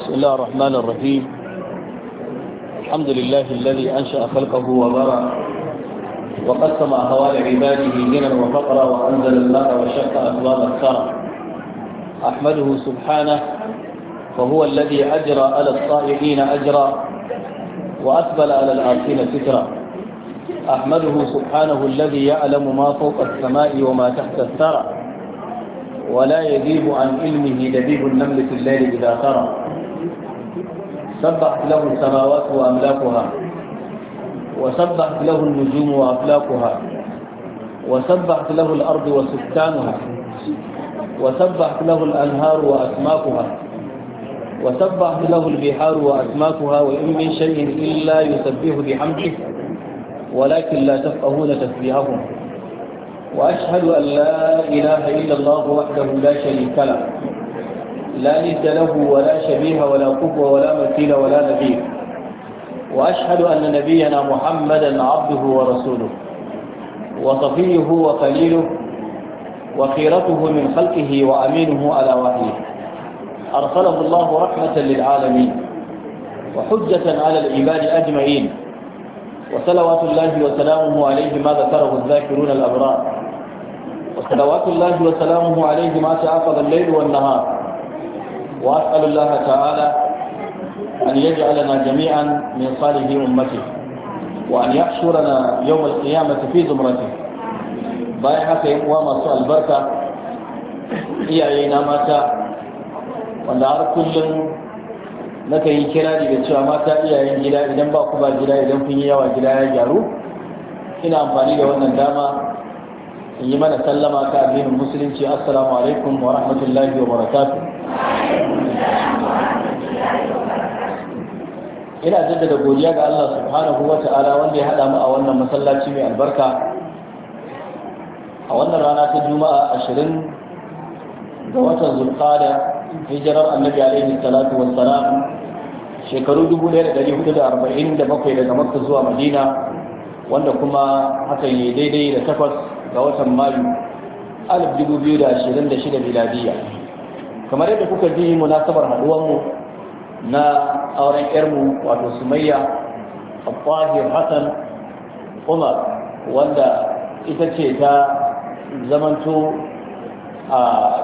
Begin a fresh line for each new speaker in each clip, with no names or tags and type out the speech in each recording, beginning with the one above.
بسم الله الرحمن الرحيم الحمد لله الذي أنشأ خلقه وبرع وقسم أهوال عباده غنى وفقرا وأنزل الماء وشق أكواب الثرى أحمده سبحانه فهو الذي أجرى على الصائحين أجرا واقبل على العاصين سترا أحمده سبحانه الذي يعلم ما فوق السماء وما تحت الثرى ولا يذيب عن علمه دبيب النمل في الليل إذا ترى
سبحت له السماوات وأملاكها وسبحت له النجوم وأفلاكها
وسبحت له الأرض وسكانها وسبحت له الأنهار وأسماكها وسبحت له البحار وأسماكها وإن من شيء إلا يسبح بحمده ولكن لا تفقهون تسبيحهم وأشهد أن لا إله إلا الله وحده لا شريك له لا ند له ولا شبيه ولا قبوة ولا مثيل ولا نذير وأشهد أن نبينا محمدا عبده ورسوله وصفيه وخليله وخيرته من خلقه وأمينه على وحيه أرسله الله رحمة للعالمين وحجة على العباد أجمعين وصلوات الله وسلامه عليه ما ذكره الذاكرون الأبرار وصلوات الله وسلامه عليه ما تعاقب الليل والنهار
وأسأل الله تعالى أن يجعلنا جميعا
من صالح أمته وأن يحشرنا يوم القيامة في زمرته بايعك وما سوى البركة iyayena mata wanda har kullum na kan yi kira daga cewa mata iyayen gida idan ba ku ba gida idan kun yi yawa gida ya gyaru Kina amfani da wannan dama yi mana sallama ta addinin musulunci assalamu alaikum wa rahmatullahi wa barakatuh ina jaddada godiya ga Allah subhanahu wa ta'ala wanda ya haɗa mu a wannan masallaci mai albarka a wannan rana ta juma'a ashirin ga watan zulqada hijirar annabi alaihi salatu wassalam shekaru 1447 daga makka zuwa madina wanda kuma hakan yi daidai da takwas ga watan mayu 2026 miladiya kamar yadda kuka ji munasabar haduwanmu na auren yarmu wato sumayya abubakar hassan umar wanda ita ce ta zamanto a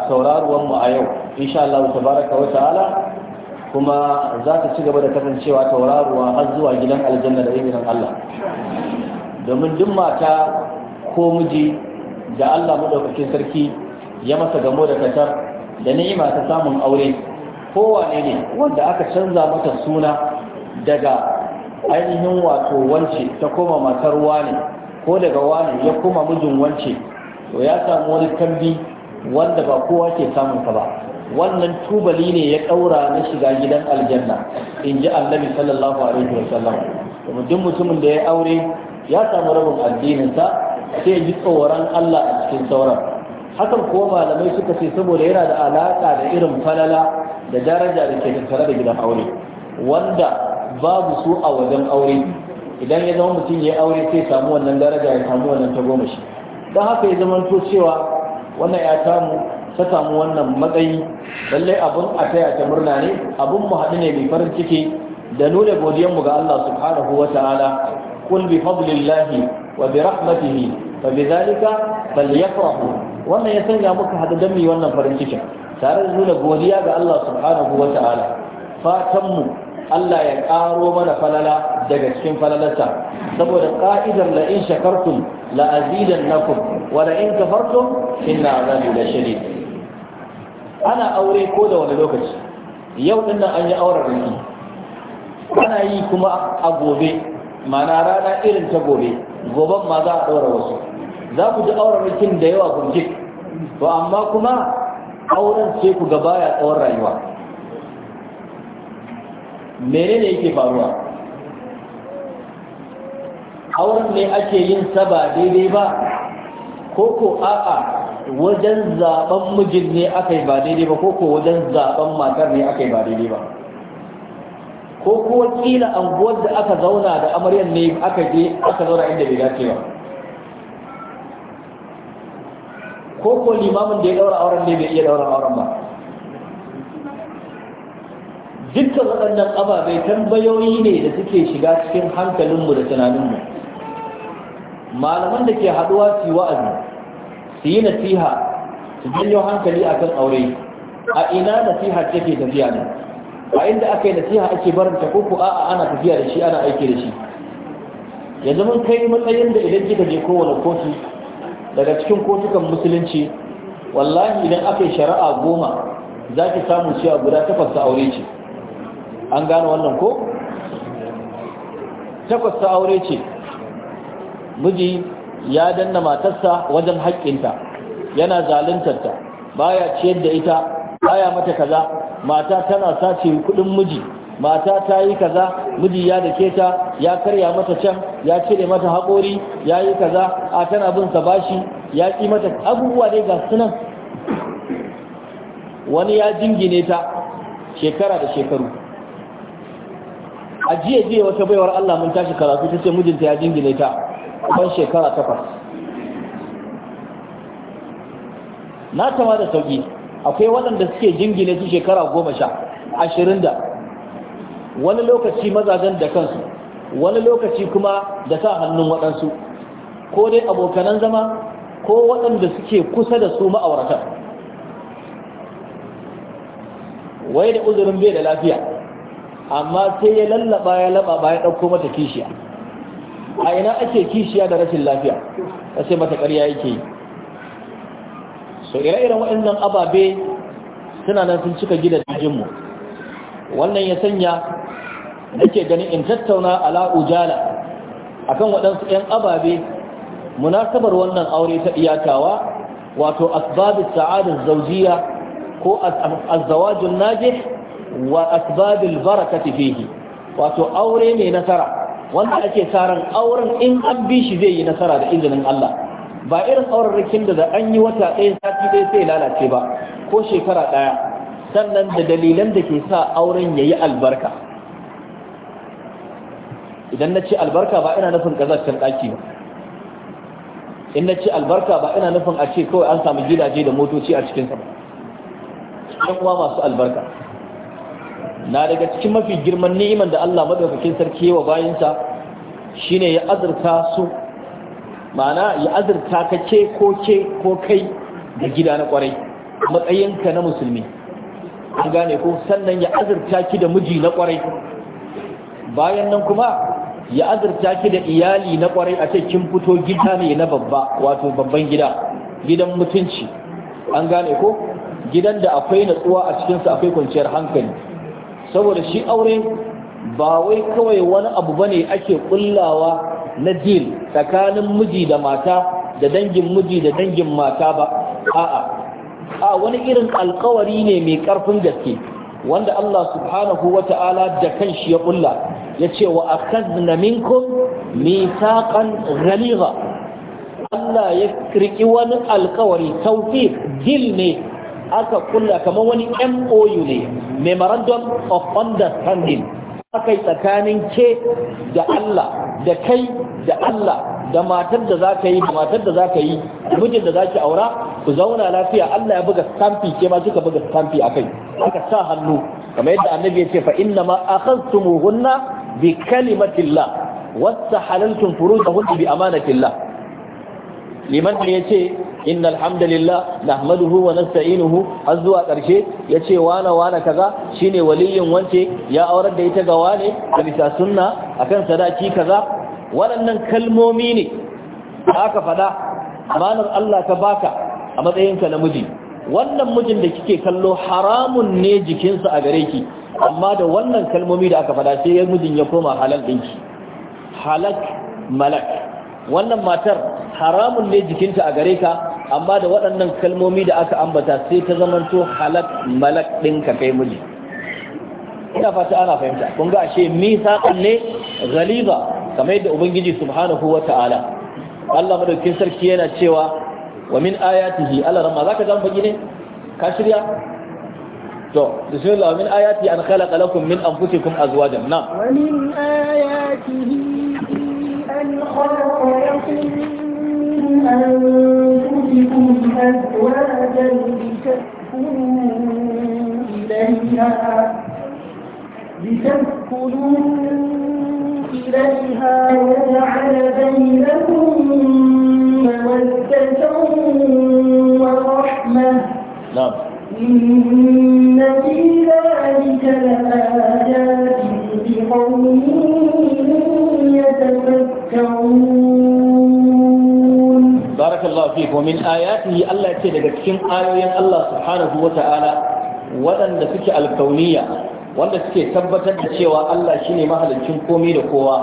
sauraruwanmu a yau insha ta baraka wa ta'ala kuma za ta ci gaba da kasancewa tauraruwa har zuwa gidan aljanna da izinin Allah domin duk mata ko miji da Allah maɗaukakin sarki ya masa gamo da katar da ni'ima ta samun aure kowane ne wanda aka canza mata suna daga ainihin wato wance ta koma matar wane ko daga wane ya koma mijin wance to ya samu wani kambi wanda ba kowa ke samun ka ba wannan tubali ne ya ɗaura na shiga gidan aljanna in ji annabi sallallahu alaihi wa sallam duk mutumin da ya aure ya samu rabin addininsa sai ji tsoron Allah a cikin sauran hakan kuwa malamai suka ce saboda yana da alaka da irin falala da daraja da ke tattare da gidan aure wanda babu su a wajen aure idan ya zama mutum ya aure sai samu wannan daraja ya samu wannan ta goma shi. don haka ya zama to cewa wannan ya samu ta samu wannan matsayi lallai abun a taya ta murna ne abun mu haɗu ne mai farin ciki da nuna godiyanmu ga Allah subhanahu wa ta'ala kul bi fadlillahi wa bi rahmatihi bi zalika wannan ya sanya muka hada dan mi wannan farin ciki. tare da nuna godiya ga Allah subhanahu wa ta'ala fatan mu Allah ya ƙaro mana falala daga cikin falalarsa saboda ƙa'idar la in shakartum la azidannakum wa la in kafartum inna azabi la shadid ana aure ko da wani lokaci yau din nan an yi auren riki ana yi kuma a gobe mana rana irin ta gobe goban ma za a ɗora wasu za ku ji auren rikin da yawa gurjik Ba amma kuma auren sai ku gaba ya tsawon rayuwa menene yake faruwa auren ne ake yin saba ba daidai ba ko ko a'a wajen zaben mijin ne aka yi ba daidai ba ko ko wajen zaben matar ne aka yi ba daidai ba ko kuwa kila anguwar da aka zauna da amaryar ne aka je aka zauna inda bai dace ba ko ko limamin da ya daura auren ne bai iya daura auren ba dukkan waɗannan ababai tambayoyi ne da suke shiga cikin hankalinmu da tunaninmu malaman da ke haɗuwa su yi wa'azi su yi nasiha su janyo hankali akan aure a ina nasiha take tafiya ne a inda aka yi nasiha ake barin ta koko a ana tafiya da shi ana aiki da shi ya zama kai matsayin da idan kika je kowane kotu daga cikin kotukan musulunci wallahi idan aka yi shari'a goma za ki samu cewa guda takwas ta aure ce an gane wannan ko? takwas ta aure ce miji ya danna matarsa wajen haƙƙinta yana zaluntarta baya ciyar da ita baya mata kaza mata tana sace kuɗin miji mata ta yi kaza miji ya dake ta ya karya mata can ya cire mata haƙori ya yi kaza a tana bin sa bashi ya ƙi mata abubuwa dai ga sunan wani ya jingine ta shekara da shekaru a jiya jiya wata baiwar Allah mun tashi karatu ta ce mijinta ya jingine ta ban shekara takwas na tama da sauki akwai waɗanda suke jingine su shekara goma sha ashirin da wani lokaci mazajen da kansu wani lokaci kuma da sa hannun waɗansu ko dai abokanan zama ko waɗanda suke kusa da su ma'auratan wai da uzurin bai da lafiya amma sai ya lallaba ya laba ba ya ɗauko mata kishiya a ina ake kishiya da rashin lafiya ta sai mata ƙarya yake yi so ire-iren waɗannan ababe suna nan sun cika gidajenmu wannan ya sanya nake ganin in tattauna ala ujala akan waɗansu 'yan ababe munasabar wannan aure ta iyakawa wato asbabin sa'adar zaujiya ko azawajin najih wa asbabin barakati fihi wato aure mai nasara wanda ake tsaron auren in an bi shi zai yi nasara da izinin Allah ba irin aurarrakin da da an yi wata ɗaya sati ɗaya sai lalace ba ko shekara ɗaya sannan da dalilan da ke sa auren ya yi albarka idan na ce albarka ba ina nufin ƙazashen ɗaki ba in na ce albarka ba ina nufin a ce kawai an samu gidaje da motoci a cikinsa ba ɗan uwa masu albarka na daga cikin mafi girman ni'iman da Allah madaukakin sarki wa bayansa shine ya azurta su ma'ana ya azurta ka ce ko ke ko kai da gida na kwarai matsayinka na musulmi an gane ko sannan ya azurta ki da miji na kwarai bayan nan kuma ya azurta ki da iyali na kwarai a ce kin fito gida ne na babba wato babban gida gidan mutunci an gane ko gidan da akwai natsuwa a cikinsa akwai kwanciyar hankali saboda shi aure ba wai kawai wani abu bane ake kullawa na jil tsakanin miji da mata da dangin miji da dangin mata ba a'a a wani irin alkawari ne mai karfin gaske wanda Allah subhanahu wa ta'ala da kanshi ya kulla ya ce wa akazna minkum mithaqan ghaliza Allah ya kirki wani alkawari tawfiq jil ne aka kulla kamar wani MOU ne memorandum of understanding aka yi tsakanin ke da Allah da kai da Allah da matar da za ka yi da matar da za ka yi da mijin da za ki aura ku zauna lafiya Allah ya buga stampi ke ma kika buga stampi a kai aka sa hannu kamar yadda annabi ya ce fa inna ma akhadtumuhunna bi kalimatillah wa sahalantum furujahunna bi amanatillah liman ne yace inna hamdalillah nahmaduhu wa nasta'inuhu har zuwa karshe yace wana wana kaza shine waliyin wance ya aurar da ita ga wane a bisa sunna akan sadaki kaza waɗannan kalmomi ne aka faɗa amanar Allah ka baka a matsayinka namiji wannan mijin da kike kallo haramun ne jikinsa a gare ki amma da wannan kalmomi da aka faɗa sai mijin ya koma halal ɗinki halak malak wannan matar haramun ne jikinta a gare ka amma da waɗannan kalmomi da aka ambata sai ta zamanto halak malak ɗinka kai miji ina fata ana fahimta kun ga ashe misaƙan ne galiba kamar yadda ubangiji subhanahu wa ta'ala Allah madaukin sarki yana cewa wa min ayatihi Allah ramma zaka zama baki ne ka shirya to bismillah min ayati an khalaqa lakum min anfusikum azwajan na
wa min ayatihi an khalaqa lakum من أنفسكم أزواجا لتسكنوا إليها لتسكنوا وجعل بينكم مودة ورحمة نعم إن في ذلك لآيات
fi wa min ayatihi Allah ce daga cikin ayoyin Allah subhanahu wa ta'ala waɗanda suke alkauniya wanda suke tabbatar da cewa Allah shine mahaliccin komai da kowa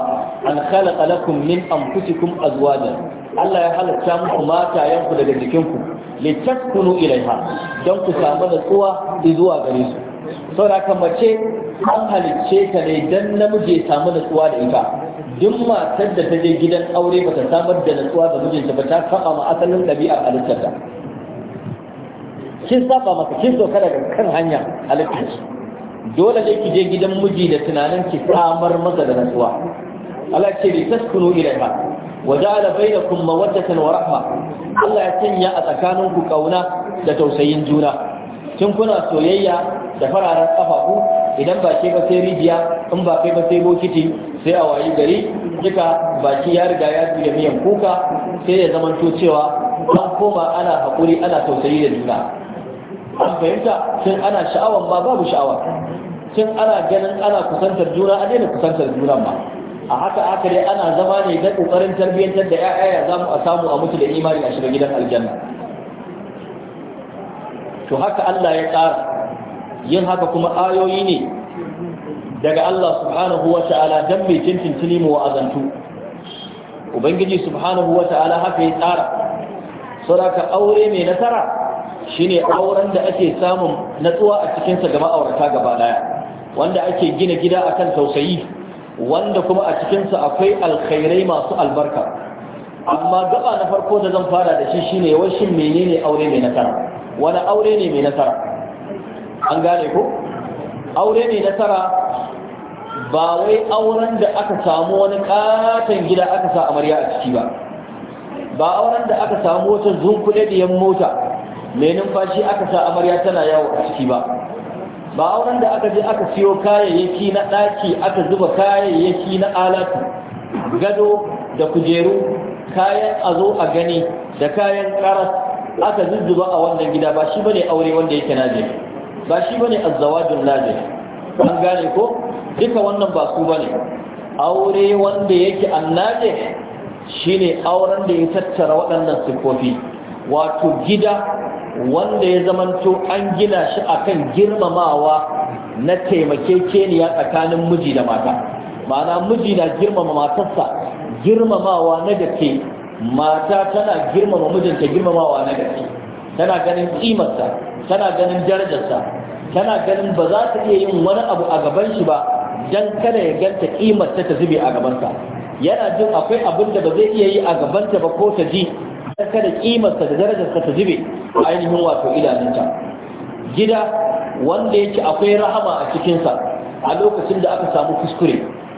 an khalaqa lakum min anfusikum azwajan Allah ya halatta muku mata yanku daga jikinku litaskunu ilaiha don ku samu natsuwa zuwa gare su saboda mace an halicce ta ne dan namiji ya samu natsuwa da ita duk matar da ta je gidan aure ba ta samar da natsuwa ga mijinta ba ta saba ma asalin ɗabi'ar halittarta kin saba masa kin sauka daga kan hanya halittar dole ne ki je gidan miji da tunanin ki samar masa da natsuwa Allah ce a taskunu ilaiha wa ja'ala bainakum mawaddatan wa rahma Allah ya sanya a tsakaninku ƙauna da tausayin juna kin kuna soyayya da fararen kafafu idan ba ke ba sai rijiya in ba kai ba sai bokiti sai a wayi gari duka baki ya riga ya zuya miyan kuka sai ya zama to cewa an koma ana haƙuri ana tausayi da juna an fahimta sun ana sha'awan ba babu sha'awa sun ana ganin ana kusantar juna an daina kusantar juna ba a haka haka dai ana zama ne da kokarin tarbiyyantar da 'ya'ya ya mu a samu a mutu da imani a shiga gidan aljanna to haka Allah ya tsara yin haka kuma ayoyi ne daga Allah subhanahu wa ta'ala don mai cincin mu azantu. ubangiji subhanahu wa ta'ala haka ya tsara sauraka aure mai nasara shine auren da ake samun natsuwa a cikinsa ga ma'aurata gaba daya wanda ake gina gida akan tausayi wanda kuma a cikinsa akwai alkhairai masu albarka amma gaba na farko da zan fara da shi shi ne shin menene aure mai nasara wani aure ne mai nasara an gane ko aure ne na tara ba wai auren da aka samu wani katon gida aka sa amarya a ciki ba ba auren da aka samu wata da yan mota mai numfashi aka sa amarya tana yawo a ciki ba ba auren da aka je aka siyo kayayyaki na ɗaki aka zuba kayayyaki na alatu gado da kujeru kayan azo a gani da kayan karas aka zuzzuba a wannan gida ba shi bane aure wanda yake na jiki ba shi bane azzawajul lazim an gane ko duka wannan ba su bane aure wanda yake annaje shine auren da ya tattara waɗannan sifofi wato gida wanda ya zamanto an gina shi akan girmamawa na taimakekeniya tsakanin miji da mata ma'ana miji na girmama matarsa girmamawa na gaske mata tana girmama mijinta girmamawa na gaske tana ganin kimarsa tana ganin darajarsa tana ganin ba za ta iya yin wani abu a gaban shi ba dan kada ya ganta kimar ta zube a gabansa yana jin akwai abin da ba zai iya yi a gabanta ba ko ta ji dan kada ta da darajarsa ta zube ainihin wato idanunta gida wanda yake akwai rahama a cikinsa a lokacin da aka samu kuskure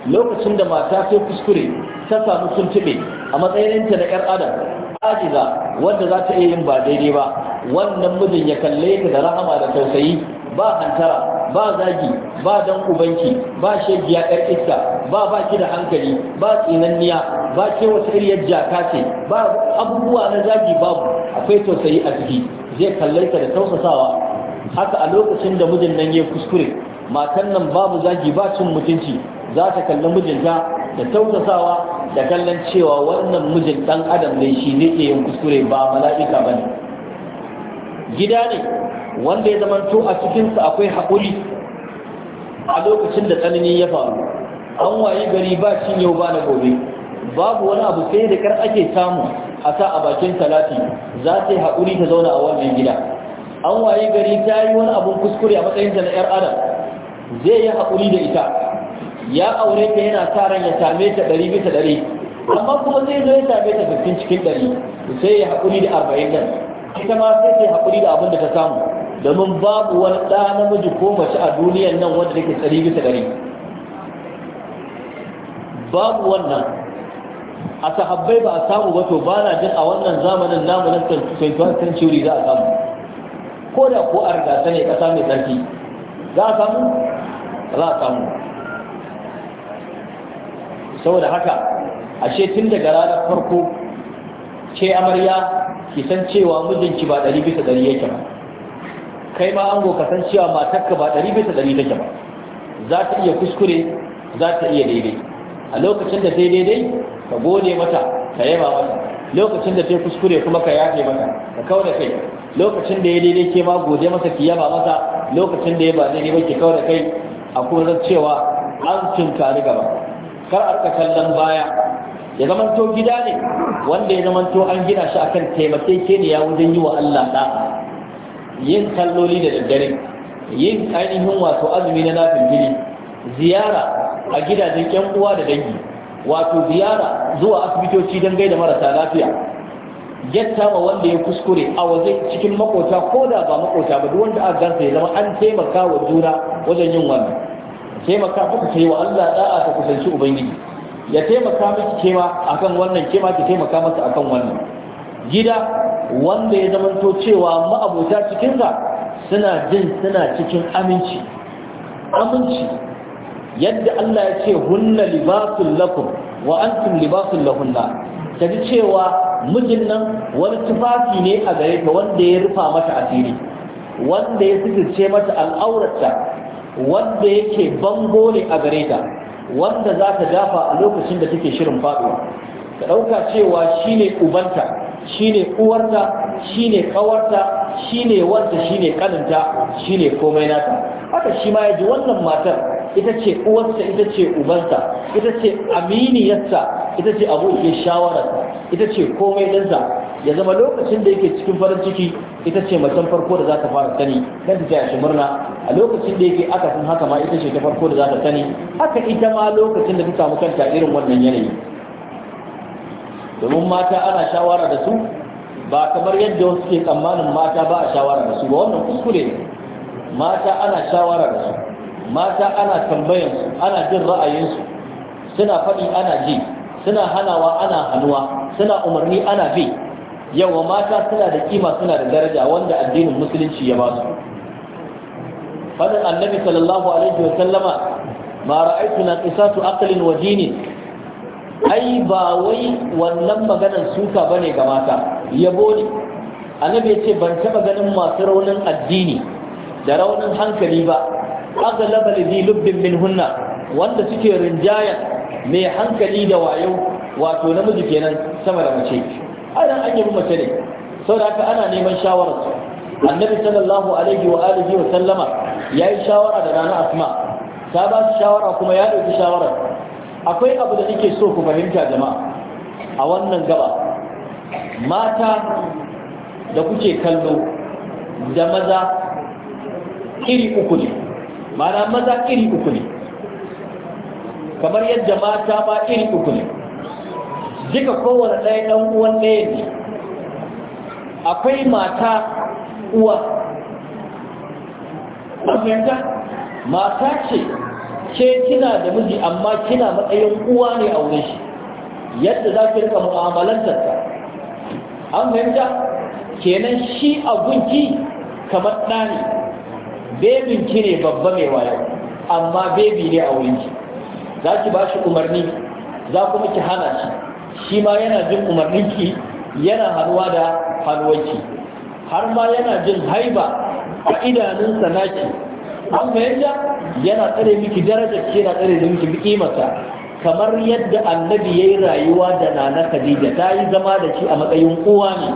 lokacin da mata ta kuskure ta samu tube a matsayin ta na 'yar adam ajiza wanda za ta iya yin ba daidai ba wannan mijin ya kalle ta da rahama da tausayi ba hantara ba zagi ba dan ubanki ba shegiya yar iska ba baki da hankali ba tsinanniya ba ke wata iriyar jaka ce ba abubuwa na zagi babu akwai tausayi a ciki zai kalle ta da tausasawa haka a lokacin da mijin nan ya kuskure matan nan babu zagi ba cin mutunci za ta kalli mijinta da tausasawa da kallon cewa wannan mijin dan adam ne shi ne ke yin kuskure ba mala'ika ba ne gida ne wanda ya zamanto a cikinsa akwai haƙuri a lokacin da tsanani ya faru an waye gari ba cin yau ba na gobe babu wani abu sai da kar ake samu a sa a bakin talati za ta yi haƙuri ta zauna a wannan gida an waye gari ta yi wani abun kuskure a matsayinta na 'yar adam zai yi haƙuri da ita ya aure ta yana sa ran ya same ta ɗari bisa ɗari amma kuma zai zo ya same ta fiffin cikin ɗari sai ya haƙuri da arba'in nan ita ma sai ta haƙuri da abin da ta samu domin babu wani ɗa namiji ko mace a duniyan nan wanda take ɗari bisa ɗari babu wannan a sahabbai ba a samu ba to ba na jin a wannan zamanin namu na ta st century za a samu ko da ko a rigasa ne ƙasa mai tsarki za a samu za a samu saboda haka ashe tun daga ranar farko ce amarya ki san cewa mijinki ba ɗari bisa ɗari yake ba kai ma ango ka san cewa matarka ba ɗari bisa ɗari take ba za ta iya kuskure za ta iya daidai a lokacin da ta yi daidai ka gode mata ka yaba mata lokacin da ta yi kuskure kuma ka yafe mata ka kawo da kai lokacin da ya daidai ke ma gode masa ki yaba mata lokacin da ya ba daidai ba ki kawo da kai a kuma cewa an tunkari gaba kar a kallon baya ya zamanto gida ne wanda ya zamanto an gina shi akan ya wajen yi wa Allah da yin kalloli da daddare yin ainihin wato azumi na nafin ziyara a gidajen yan uwa da dangi wato ziyara zuwa asibitoci don gaida marasa lafiya getta ma wanda ya kuskure a waje cikin makota ko da ba makota ba duk wanda aka gansa ya zama an taimaka wa juna wajen yin wannan taimaka maka kai wa Allah da'a ta kusanci ubangiji ya taimaka miki kema akan wannan kema ki taimaka masa akan wannan gida wanda ya zamanto cewa ma'abota cikinsa suna jin suna cikin aminci aminci yadda Allah ya ce hunna libasul lakum wa antum libasul lahunna kaji cewa mijin nan wani tufafi ne a gare ta wanda ya rufa mata asiri wanda ya sitirce mata al'aurarta wanda yake bango ne a gare ta wanda za ta dafa a lokacin da take shirin faduwa ta ɗauka cewa shine ubanta shine uwarta shine kawarta shine wanda shine kaninta shine komai nata haka shi ma yaji wannan matar ita ce uwarta, ita ce ubanta, ita ce aminiyarta, ita ce abokin shawararsa ita ce komai ɗinsa ya zama lokacin da yake cikin farin ciki ita ce macen farko da za ta fara sani kan ta ya murna a lokacin da yake aka san haka ma ita ce ta farko da za ta sani haka ita ma lokacin da ta samu kanta irin wannan yanayi domin mata ana shawara da su ba kamar yadda wasu ke tsammanin mata ba a shawara da su ba wannan kuskure ne mata ana shawara da su mata ana tambayan su ana jin ra'ayinsu suna faɗi ana ji suna hanawa ana hannuwa suna umarni ana bi yawa mata suna da kima suna da daraja wanda addinin musulunci ya ba su fadin annabi sallallahu alaihi wa sallama ma ra'aytu na qisatu aqlin wa dinin ai ba wai wannan maganar suka bane ga mata yabo ne annabi yace ban taba ganin masu raunin addini da raunin hankali ba aghlaba li lubbin minhunna wanda suke rinjaya mai hankali da wayo wato namiji kenan sama da mace ana an yi mace ne Sau da haka ana neman shawararsu annabi sallallahu alaihi wa alihi wa sallama ya yi shawara da rana asma ta ba su shawara kuma ya ɗauki shawarar akwai abu da nake so ku fahimta jama'a a wannan gaba mata da kuke kallo da maza iri uku ne mana maza iri uku ne kamar yadda mata ba iri uku ne duka kowane ɗaya ɗan uwan ɗaya ne akwai mata uwa ɗanyanta mata ce ke kina da miji amma kina matsayin uwa ne a wurin shi yadda za ki rika mu'amalantarsa an fahimta kenan shi abunki kamar ɗa ne ki ne babba mai wayo amma bebi ne a shi za ki ba shi umarni za kuma ki hana shi shi ma yana jin umarninki yana haruwa da haruwarki har ma yana jin haiba a idanunsa naki an fahimta yana tsare miki darajar ke na tsare miki mata kamar yadda annabi ya rayuwa da nana khadija ta yi zama da shi a matsayin uwa ne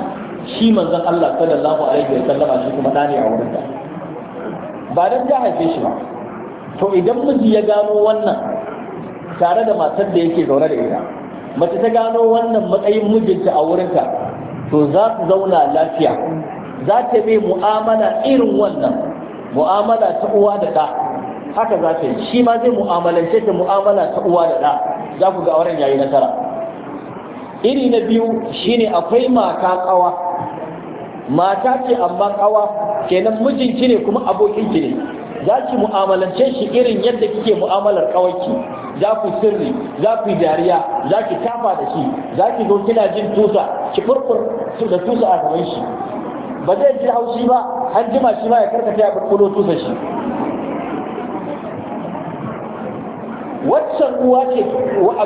shi manzon allah sallallahu alaihi wa sallama shi kuma ne a wurinta ba don ta haife shi ba to idan miji ya gano wannan tare da matar da yake zaune da ita mace ta gano wannan matsayin mijinta a wurinta to za su zauna lafiya za ta mai mu'amala irin wannan mu'amala ta uwa da ɗa haka za ta yi shi ma zai mu'amalance ta mu'amala ta uwa da ɗa za ku ga auren yayi nasara iri na biyu shine akwai mata ƙawa mata ce amma ƙawa kenan mijinki ne kuma abokinki ne za ki mu'amalance shi irin yadda kike mu'amalar kawaki za ku sirri za ku dariya za ki tafa da shi za ki zo kina jin tusa ki furfur da tusa a gaban shi ba zai ji haushi ba har jima shi ma ya karkata ya furfudo tusa shi waccan uwa ce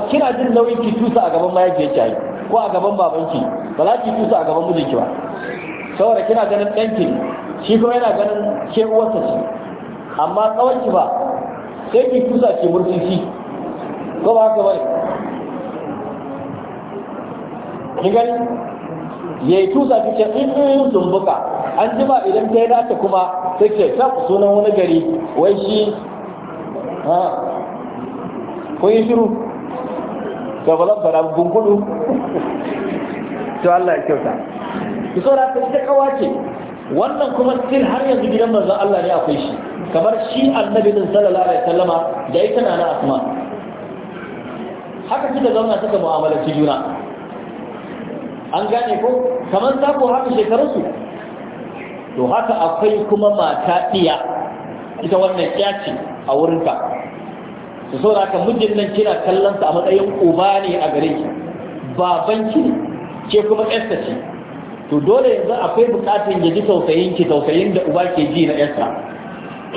kina jin nauyin ki tusa a gaban mahaifiyarki ko a gaban babanki ba za ki tusa a gaban mijinki ba saboda kina ganin danki shi kuma yana ganin ke uwarsa ce amma tsawon ba sai ki kusa ce murtisi ko ba haka bane kin gani yayi tusa ki ce in tumbuka an ba idan ta yi nata kuma sai ke ta sunan wani gari wai shi ha ko yi shiru ga balan zan fara gungudu to Allah ya kyauta ki so da ta kawace wannan kuma cikin har yanzu gidan manzon Allah ne akwai shi kamar shi annabi din sallallahu alaihi wasallama da ita na asma haka suka zauna mu'amala ci juna an gane ko kamar ko haka su to haka akwai kuma mata ɗiya ita wannan yaci a wurin wurinka su saura ka mijin nan kina sa a matsayin uba ne a gare ki Baban ki ce kuma yarsa ce to dole yanzu akwai bukatun ya ji tausayin ki tausayin da uba ke ji na yarsa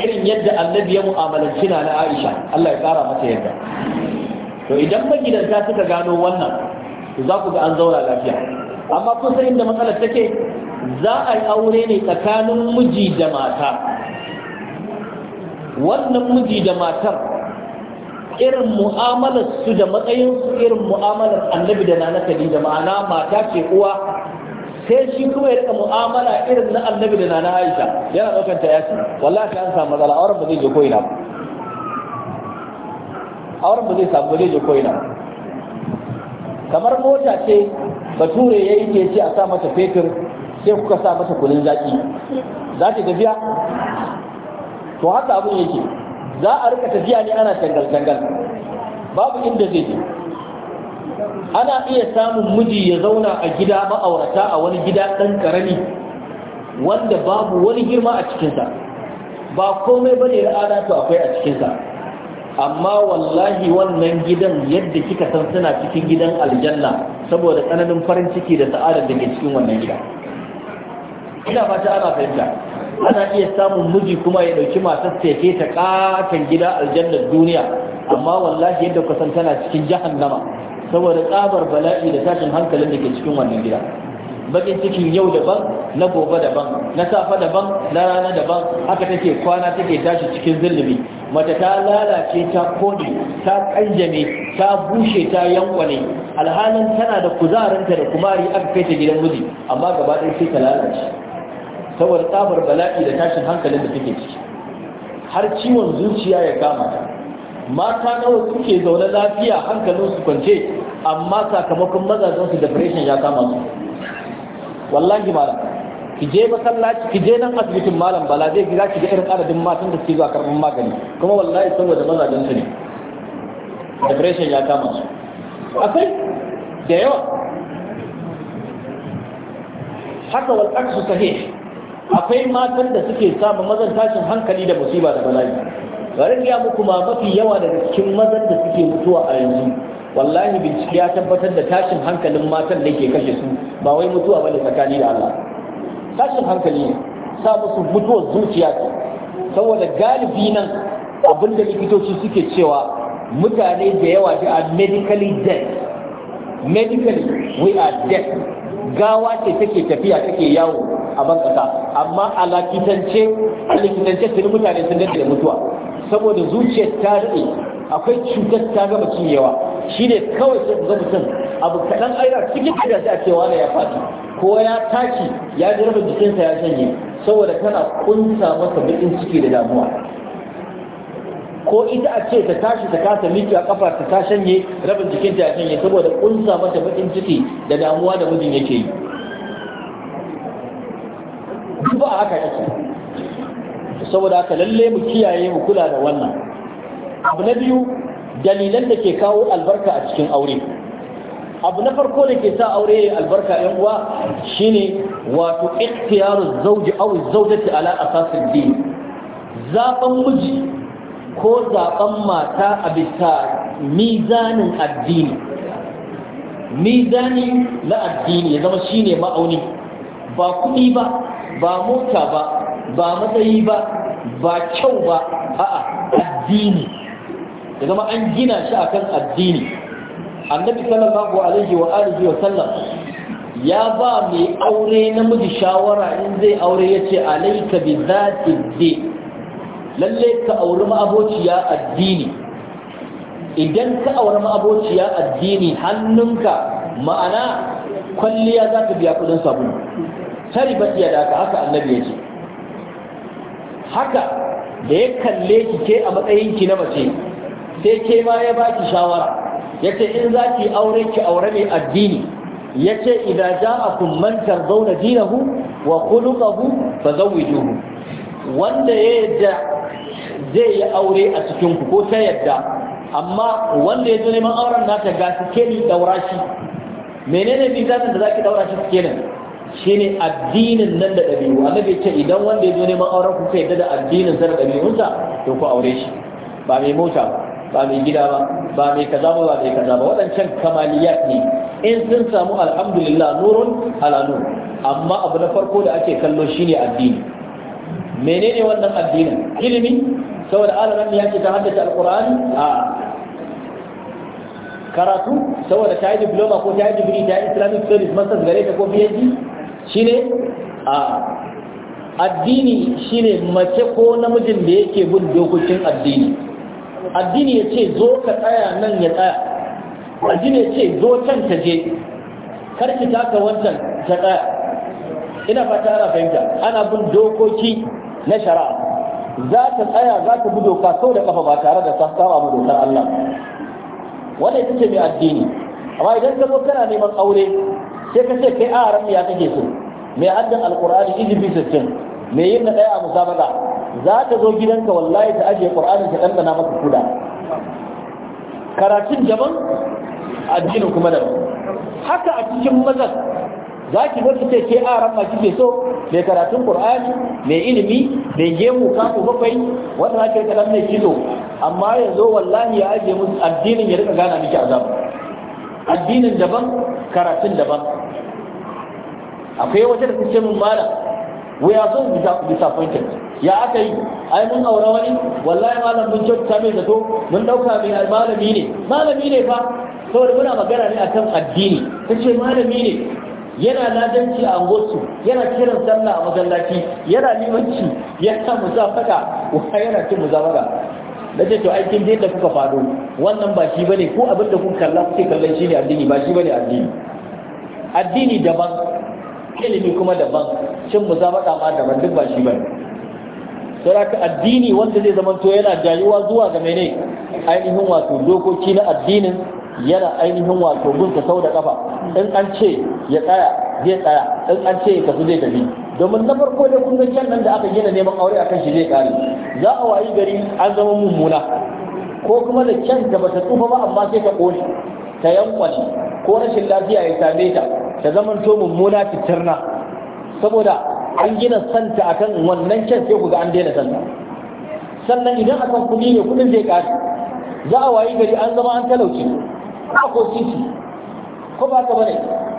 irin yadda annabi ya mu'amalanci na na Aisha Allah ya kara mata yadda to idan magidanta suka gano wannan to za ku ga an zauna lafiya amma kun san inda matsalar take za a yi aure ne tsakanin miji da mata wannan miji da matar irin mu'amalar su da matsayin irin mu'amalar annabi da nana kadi da ma'ana mata ce uwa sai shi kuma ya rika mu'amala irin na annabi da nana aisha yana daukar ta yaki wallahi an samu matsala auren ba zai je ko ina ba auren ba zai samu ba zai je ko ina ba kamar mota ce bature ya yi ke ce a sa mata fetur sai kuka sa mata kunin zaki za ta tafiya to haka abin yake za a rika tafiya ne ana tangal-tangal babu inda zai je ana iya samun miji ya zauna a gida ma'aurata a wani gida ɗan ƙarami wanda babu wani girma a cikinsa ba komai ba ne ra'ana to akwai a cikinsa amma wallahi wannan gidan yadda kika san suna cikin gidan aljanna saboda tsananin farin ciki da sa'adar da ke cikin wannan gida ina fata ana fahimta ana iya samun miji kuma ya ɗauki matar ta ke ta ƙaton gida aljannar duniya amma wallahi yadda kusan tana cikin jahannama saboda tsabar bala'i da tashin hankalin da ke cikin wannan gida bakin cikin yau daban na gobe daban na safa daban na rana daban haka take kwana take tashi cikin zulumi Mata ta lalace ta kone ta kanjame ta bushe ta yankwane alhalin tana da kuzarinta da kumari aka kai ta gidan miji amma gaba ɗaya sai ta lalace saboda tsabar bala'i da tashin hankalin da take ciki har ciwon zuciya ya kama ta mata nawa kuke zaune lafiya hankalin su kwance amma sakamakon mazajen su depression ya kama su wallahi malam ki je masallaci ki je nan asibitin malam bala zai gida zaki ga irin adadin matan da suke zuwa karban magani kuma wallahi saboda mazajen su ne depression ya kama
su akwai da yawa haka wal aksu sahih
akwai matan da suke samun mazan tashin hankali da musiba da bala'i bari ya muku ma mafi yawa daga cikin mazan da suke mutuwa a yanzu wallahi bincike ya tabbatar da tashin hankalin matan da ke kashe su ba wai mutuwa bane tsakani da Allah tashin hankali sa musu mutuwar zuciya ce saboda galibi nan abin da likitoci suke cewa mutane da yawa da are medically dead medically we are dead gawa ce take tafiya take yawo a ban amma a likitance a likitance tuni mutane sun da mutuwa saboda zuciyar ta daɗe akwai cutar ta gaba cinyewa shi ne kawai sai ga mutum abu kaɗan aira cikin da sai a ce wani ya faɗi ko ya tashi ya ji rabin jikinsa ya canje saboda tana kunta masa baƙin ciki da damuwa ko ita a ce ta tashi ta kasa miki a kafa ta ta shanye rabin jikinta ya shanye saboda kunsa mata baƙin ciki da damuwa da mijin yake yi duk ba a haka yake saboda haka lalle mu kiyaye mu kula da wannan abu na biyu dalilan da ke kawo albarka a cikin aure abu na farko da ke sa aure albarka yan uwa shine wato ikhtiyaru zawji aw zawjati ala asasin din Zaban miji ko zaban mata a bisa mizanin addini mizani na addini ya zama shine ma'auni ba kuɗi ba ba mota ba ba matsayi ba ba kyau ba a'a
addini
da zama an gina shi akan addini annabi sallallahu alaihi wa alihi wa sallam ya ba mai aure namiji shawara in zai aure yace alayka bi zati din lalle ka auri ma'abociya addini idan ka auri ma'abociya addini hannunka ma'ana kwalliya za ka biya kudin sabulu tari ba iya da haka annabi ya ce haka da ya kalle ki ke a matsayin ki na mace sai ke ma ya baki shawara ya ce in za ki aure ki aure mai addini yace za a kummantar zauna dinahu wa ba khuluquhu fazawwijuhu wanda ya yadda zai yi aure a cikin ku ko ta yadda amma wanda ya zo neman auren nata ga su ke ni daura shi menene mizanin da zaki daura shi kenan ne addinin nan da ɗabi'u annabi ce idan wanda ya zo neman auren kuka yadda da addinin sa da ɗabi'unsa to ku aure shi ba mai mota ba mai gida ba ba mai kaza ba ba mai kaza ba waɗancan kamaliyat ne in sun samu alhamdulillah nurun ala nur amma abu na farko da ake kallo shine addini menene wannan addinin ilimi saboda alaman ya ce ta haddace alqur'ani a karatu saboda ta yi diploma ko ta yi digiri ta yi islamic studies masters gare ta ko phd shine a addini shine mace ko namijin da yake bin dokokin addini addini ya ce zo ka tsaya nan ya tsaya addini ya ce zo can ka je karki taka wancan ta tsaya ina fata ana fahimta ana bin dokoki na shari'a za ta tsaya za ta bi doka sau da kafa ba tare da sassawa mu dokar Allah wanda ita ce mai addini amma idan ka zo kana neman aure sai ka ce kai a haram ya kake so mai haddan alqur'ani izibi sittin mai yin na ɗaya a musabaka za ta zo gidanka wallahi ta ajiye qur'anin ta dandana maka kuda karatun daban addinin kuma daban haka a cikin mazan za ki zo ki ce ke a ran ma kike so mai karatun qur'ani mai ilimi mai gemu kafu bakwai wanda ake kalan mai kizo amma yanzu wallahi ya ajiye musu addinin ya rika gana miki azaba addinin daban karatun daban akwai wata da suke mun mala we are so disappointed ya aka yi ai mun aure wani wallahi malam mun kyauta mai zato mun dauka mai malami ne malami ne fa saboda muna magana ne akan addini tace malami ne yana ladanci a angosu yana kiran sallah a masallaci yana limanci ya sa musafaka wa yana cin musafaka na ce to aikin da kuka fado, wannan ba shi bane ko abin da kuka kalla kuke kallon shi ne addini ba shi bane addini addini daban ilimi kuma daban cin musabaka ma daban duk ba shi bane saboda addini wanda zai zama to yana jayuwa zuwa ga mene ainihin wato dokoki na addinin yana ainihin wato gunta sau da kafa in an ce ya tsaya zai tsaya in an ce ya tafi zai tafi domin na farko da kun zan nan da aka gina neman aure akan shi zai kare za a wayi gari an zama mummuna ko kuma da can da bata tsufa ba amma sai ta ƙone ta yankwace ko rashin lafiya ya same ta ta zama to mummuna titirna saboda an gina santa akan wannan can sai ku ga an daina santa sannan idan akan kuɗi ne kuɗin zai kare za a wayi gari an zama an talauci ko titi ko ba ka bane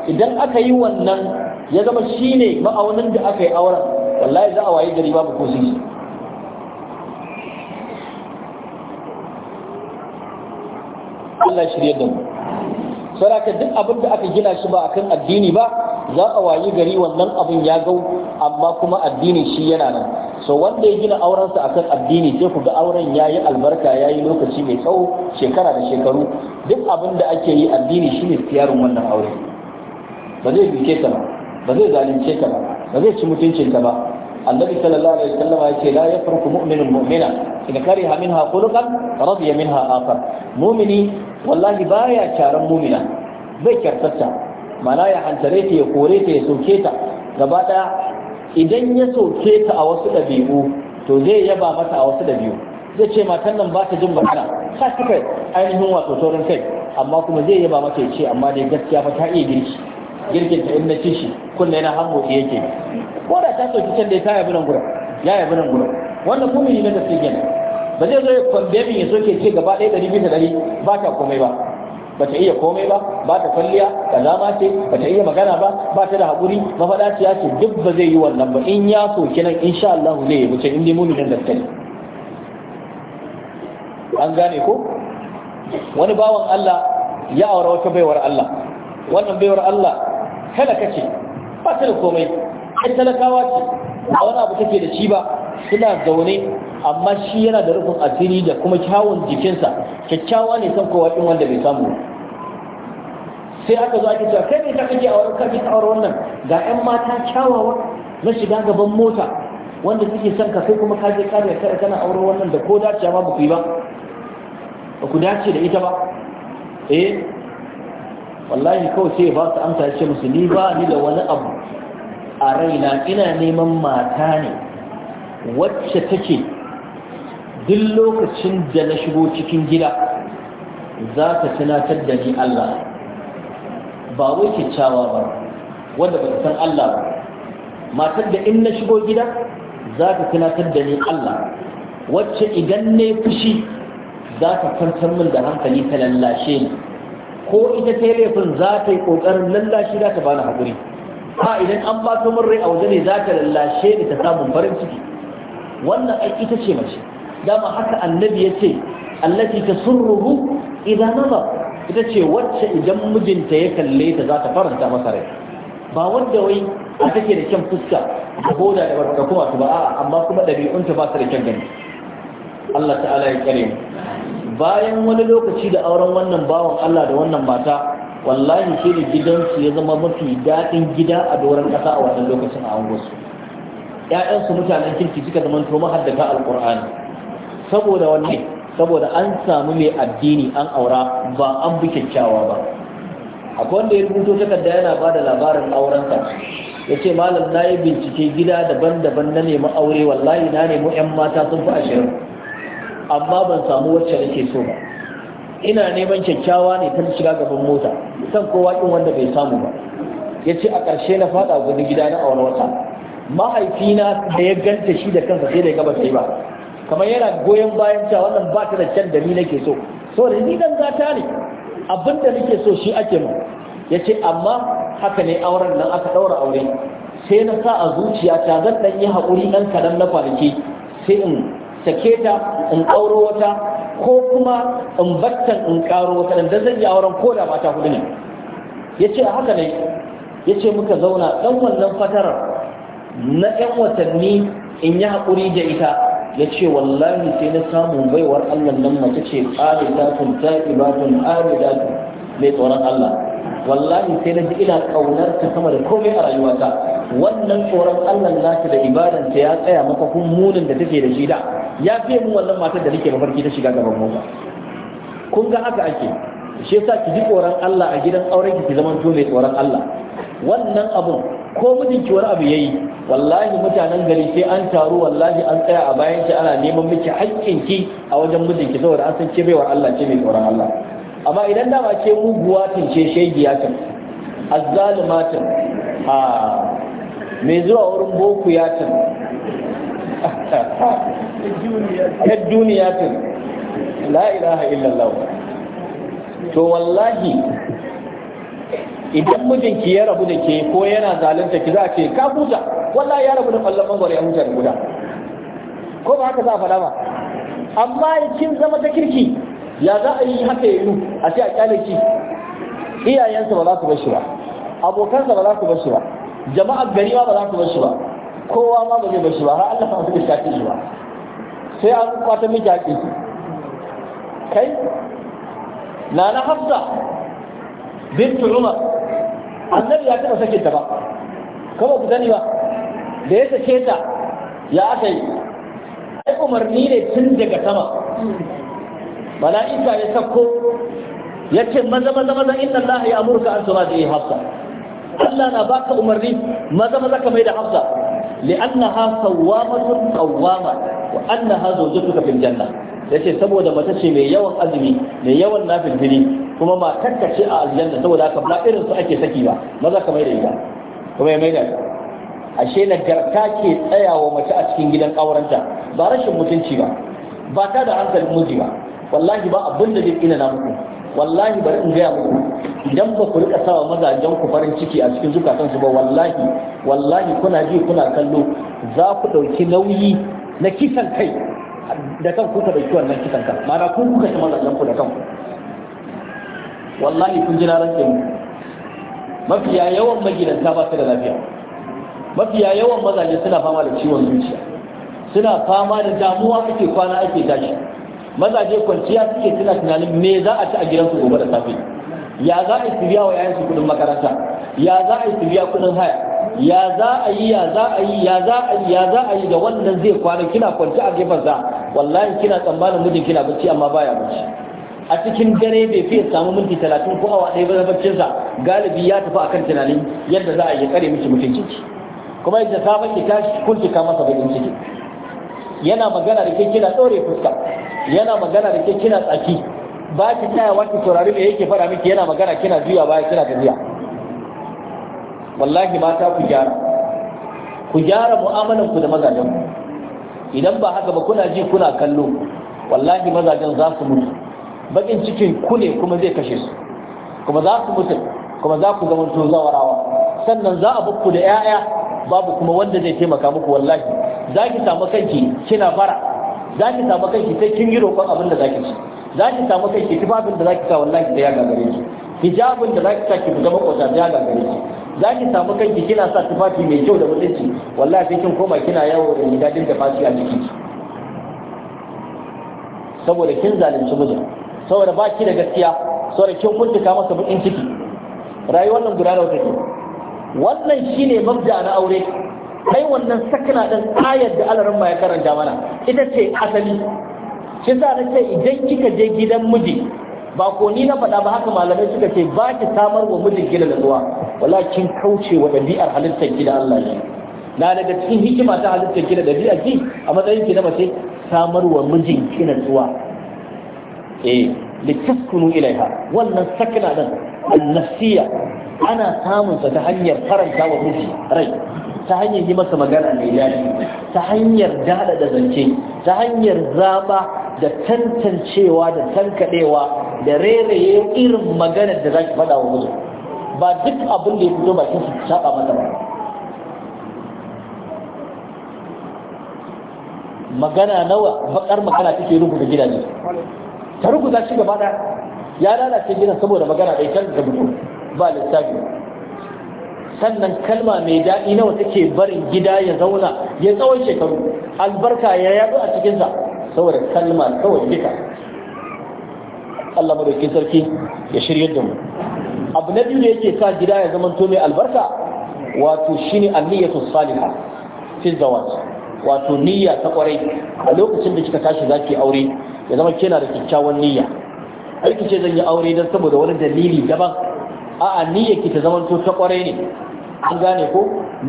idan aka yi wannan ya zama shi ne ma'aunin da aka yi auren wallahi za a waye gari babu ko sisi Allah da mu saraka duk abin da aka gina shi ba akan addini ba za a wayi gari wannan abin ya gau amma kuma addini shi yana nan so wanda ya gina aurensa akan addini sai ku ga auren yayi albarka yayi lokaci mai tsawo shekara da shekaru duk abin da ake yi addini shine ne wannan aure ba zai duke ka ba ba zai zalunce ka ba ba zai ci mutuncin ka ba annabi sallallahu alaihi wasallam ya ce la yafruku mu'minun mu'mina in kariha minha khuluqan radiya minha akhar mu'mini wallahi baya charan mu'mina bai kyartarta mana ya hantare ta ya kore ta ya soke ta gaba daya idan ya soke ta a wasu ɗabi'u to zai yaba mata a wasu ɗabi'u zai ce matan nan ba ta jin magana ta kai ainihin wato taurin kai amma kuma zai yaba mata ya ce amma dai gaskiya fa ta iya girki girkin ta in na ci shi kullum yana hango shi yake ko da ta soki can da ya yabi nan gurin ya yabi nan gurin wannan ne na gaske kenan ba zai zo ya kwambe min ya soke ce gaba ɗaya ɗari bisa ɗari ba ta komai ba ba ta iya komai ba ba ta kwalliya kaza ma ce ba ta iya magana ba ba ta da haƙuri mafaɗaciya ce duk ba zai yi wannan ba in ya soki nan insha Allah ne ya wuce in dai mu gaske ne an gane ko wani bawan Allah ya aura wata baiwar Allah wannan baiwar Allah Kala kace, ba ta komai 'yan talakawa ce a wani abu take da shi ba suna zaune amma shi yana da rufin asiri da kuma kyawun jikinsa kyakkyawa ne san kowa ɗin wanda bai samu sai aka zo ake cewa kai ne ka kake a wurin kake tsawar wannan ga 'yan mata kyawawa na shiga gaban mota wanda suke son ka kai kuma ka je da kai kana auren wannan da ko dace ba ku yi ba ba ku dace da ita ba eh wallahi kawai sai ba su amsa ya ce musu ni ba ni da wani abu a raina ina neman mata ne wacce take duk lokacin da na shigo cikin gida za ta tunatar da ni Allah ba wai kyakkyawa ba wanda ba san Allah ba matar da in na shigo gida za ta tunatar da ni Allah wacce idan ne fushi za ta kwantar min da hankali ta lallashe ni ko ita ta laifin za ta yi ƙoƙarin lallashi za ta bani haƙuri ha idan an ba ta murrai a waje ne za ta lallashe ni ta samun farin ciki wannan ai ita ce mace dama haka annabi ya ce allati tasurruhu idan nazar ita ce wacce idan mijinta ya kalle ta za ta faranta masa rai ba wanda wai a take da kyan fuska da hoda da barka kuma ba a'a amma kuma ɗabi'unta ba su da kyan gani Allah ta'ala ya kare mu bayan wani lokaci da auren wannan bawan Allah da wannan mata wallahi sai da gidansu ya zama mafi daɗin gida a doron ƙasa a wannan lokacin a unguwarsu Ya'yansu mutanen kirki suka zama to mahaddata alqur'ani saboda wannan saboda an samu mai addini an aura ba an bi kyakkyawa ba akwai wanda ya rubuto takarda yana ba da labarin aurensa ya ce malam na yi bincike gida daban-daban na nemi aure wallahi na nemi 'yan mata sun fi ashirin amma ban samu wacce nake so ba ina neman kyakkyawa ne ta shiga gaban mota san kowa kin wanda bai samu ba ya a ƙarshe na faɗa gudu gida na a wani wata mahaifina da ya ganta shi da kansa sai da ya gaba sai ba kamar yana goyon bayan cewa wannan ba ta da kyan da ni nake so so da ni dan gata ne abinda da nake so shi ake mu ya amma haka ne auren nan aka ɗaura aure sai na sa a zuciya ta zan ɗan yi haƙuri ɗan kadan na kwanaki sai in sake ta in ƙauro wata ko kuma in battan in ƙaro wata dan zan yi auren ko da mata hudu ne Ya ce a haka ne ya ce muka zauna ɗan wannan fatarar na yan watanni in yi haƙuri da ita ya ce wallahi sai na samun baiwar allah nan mace ce ƙalitatun ta'ibatun aridatun mai tsoron allah wallahi sai na ji ina kaunar ta sama da komai a rayuwata wannan tsoron Allah naka da ibadan ta ya tsaya maka munin da take da shi da ya fiye mu wannan matar da nake mafarki ta shiga gaban kun ga haka ake shi yasa ki ji tsoron Allah a gidan auren ki ki zaman to mai tsoron Allah wannan abun ko ki wani abu yayi wallahi mutanen gari sai an taru wallahi an tsaya a bayan ki ana neman miki hakkin ki a wajen mijinki saboda an san ke Allah ce mai tsoron Allah amma idan dama ke muguwa tince shegiya can azzalima ta a mai zuwa wurin boku ya can yadda duniya ta la ilaha illallah to wallahi idan mijinki ya rabu da ke ko yana zalunta ki za a ce ka kusa wallahi ya rabu da kwallon mangwaro ya huta da guda ko ba haka za a faɗa ba amma kin zama ta kirki ya za a yi haka ya yi a ce a kyale iyayensa ba za su bar shi ba abokansa ba za su bar shi ba jama'a gari ma ba za su bar shi ba kowa ma ba zai bar shi ba har Allah ma ba zai shafe shi ba sai an kwata miki haƙi kai na na hafsa bintu umar annabi ya taɓa sakin ta ba kuma ku sani ba da ya sake ta ya aka yi ai umarni ne tun daga sama mala'ika ya sako ya ce maza maza maza inna Allah ya amurka an zai yi hafsa Allah na baka umarni maza maza ka mai da hafsa li'annaha sawwamatun qawwama wa annaha zawjatuka fil janna ce saboda mace ce mai yawan azumi mai yawan nafin dini kuma ma ka ce a aljanna saboda haka ba irin su ake saki ba maza ka mai da ita kuma ya mai da ashe nagarta ke tsayawa mace a cikin gidan aurenta ba rashin mutunci ba ba ta da hankalin miji ba wallahi ba abin da zai ina na muku wallahi bari in gaya muku idan ba ku rika sawa mazajen ku farin ciki a cikin zukatan su ba wallahi wallahi kuna ji kuna kallo za ku dauki nauyi na kisan kai da kan kuka dauki wannan kisan kan ma'ana kun kuka shi mazajen ku da kanku wallahi kun ji na rantse mu mafiya yawan magidanta ba su da lafiya mafiya yawan mazaje suna fama da ciwon zuciya suna fama da damuwa ake kwana ake tashi mazaje kwanciya suke suna tunanin me za a ci a gidansu gobe da safe ya za a yi biya wa yayansu kudin makaranta ya za a yi biya kudin haya ya za a yi ya za a yi ya za a yi ya za a yi da wannan zai kwana kina kwanci a gefensa wallahi kina tsammanin mijin kina bacci amma baya bacci a cikin dare bai fiye samu minti talatin ko awa ɗaya ba sa galibi ya tafi akan tunanin yadda za a yi kare miki mutunci kuma yadda sabon ki tashi kun kama masa bakin ciki yana magana da ke kina ɗore fuska yana magana da ke kina tsaki ba ki tsaya wata saurari me yake fara miki yana magana kina juya baya kina tafiya wallahi mata ku gyara ku gyara mu'amalan ku da mazajen ku idan ba haka ba kuna ji kuna kallo wallahi mazajen za su mutu bakin cikin ku ne kuma zai kashe su kuma za su mutu kuma za ku ga to zawarawa sannan za a bukku da 'ya'ya babu kuma wanda zai taimaka muku wallahi za ki samu kanki kina fara? za ki samu kanki sai kin yi roƙon abin da za ki ci za ki samu kanki tufafin da za ki sa wallahi sai ya gagare ki hijabin da za ki sa ki fita makwata ya gagare ki za ki samu kanki kina sa tufafi mai kyau da mutunci wallahi sai kin koma kina yawo da gidajen da fashi a jiki saboda kin zalunci mijin saboda ba ki da gaskiya saboda kin kuntuka masa bukin ciki rayuwar nan guda wata take wannan shine mabda na aure kai wannan sakana din ayar da alarin ma ya karanta mana ita ce asali shi sa na ce idan kika je gidan miji ba ko ni na faɗa ba haka malamai suka ce ba ki samar wa mijin gida da zuwa wala kin kauce wa ɗabi'ar halittar gida Allah ne na daga cikin hikima ta halittar gida ɗabi'ar ki a matsayin ki na mace samar wa mijin gida zuwa eh litaskunu ilaiha wannan sakana din annafsiya ana samunsa ta hanyar faranta wa miji rai ta hanyar yi masa magana mai daɗi ta hanyar daɗa da zance ta hanyar zaba da tantancewa da tankaɗewa da rairaye irin maganar da za ki faɗa wa mutum ba duk abin da ya fito ba su shaɓa masa ba magana nawa bakar magana take rubuta gidaje ta za shi gaba ɗaya ya lalace gidan saboda magana ɗaya can da mutum ba lissafi. sannan kalma mai daɗi nawa take barin gida ya zauna ya tsawon shekaru albarka ya yaɗu a cikinsa saboda kalma kawai duka Allah madaukin sarki ya shirya da mu abu na biyu da yake sa gida ya zama mai albarka wato shine anniyatu salihah fi zawaj wato niyya ta kwarai a lokacin da kika tashi zaki aure ya zama kina da kyakkyawan niyya aiki ce zan yi aure don saboda wani dalili daban a'a niyyar ki ta zamanto ta kwarai ne an gane ko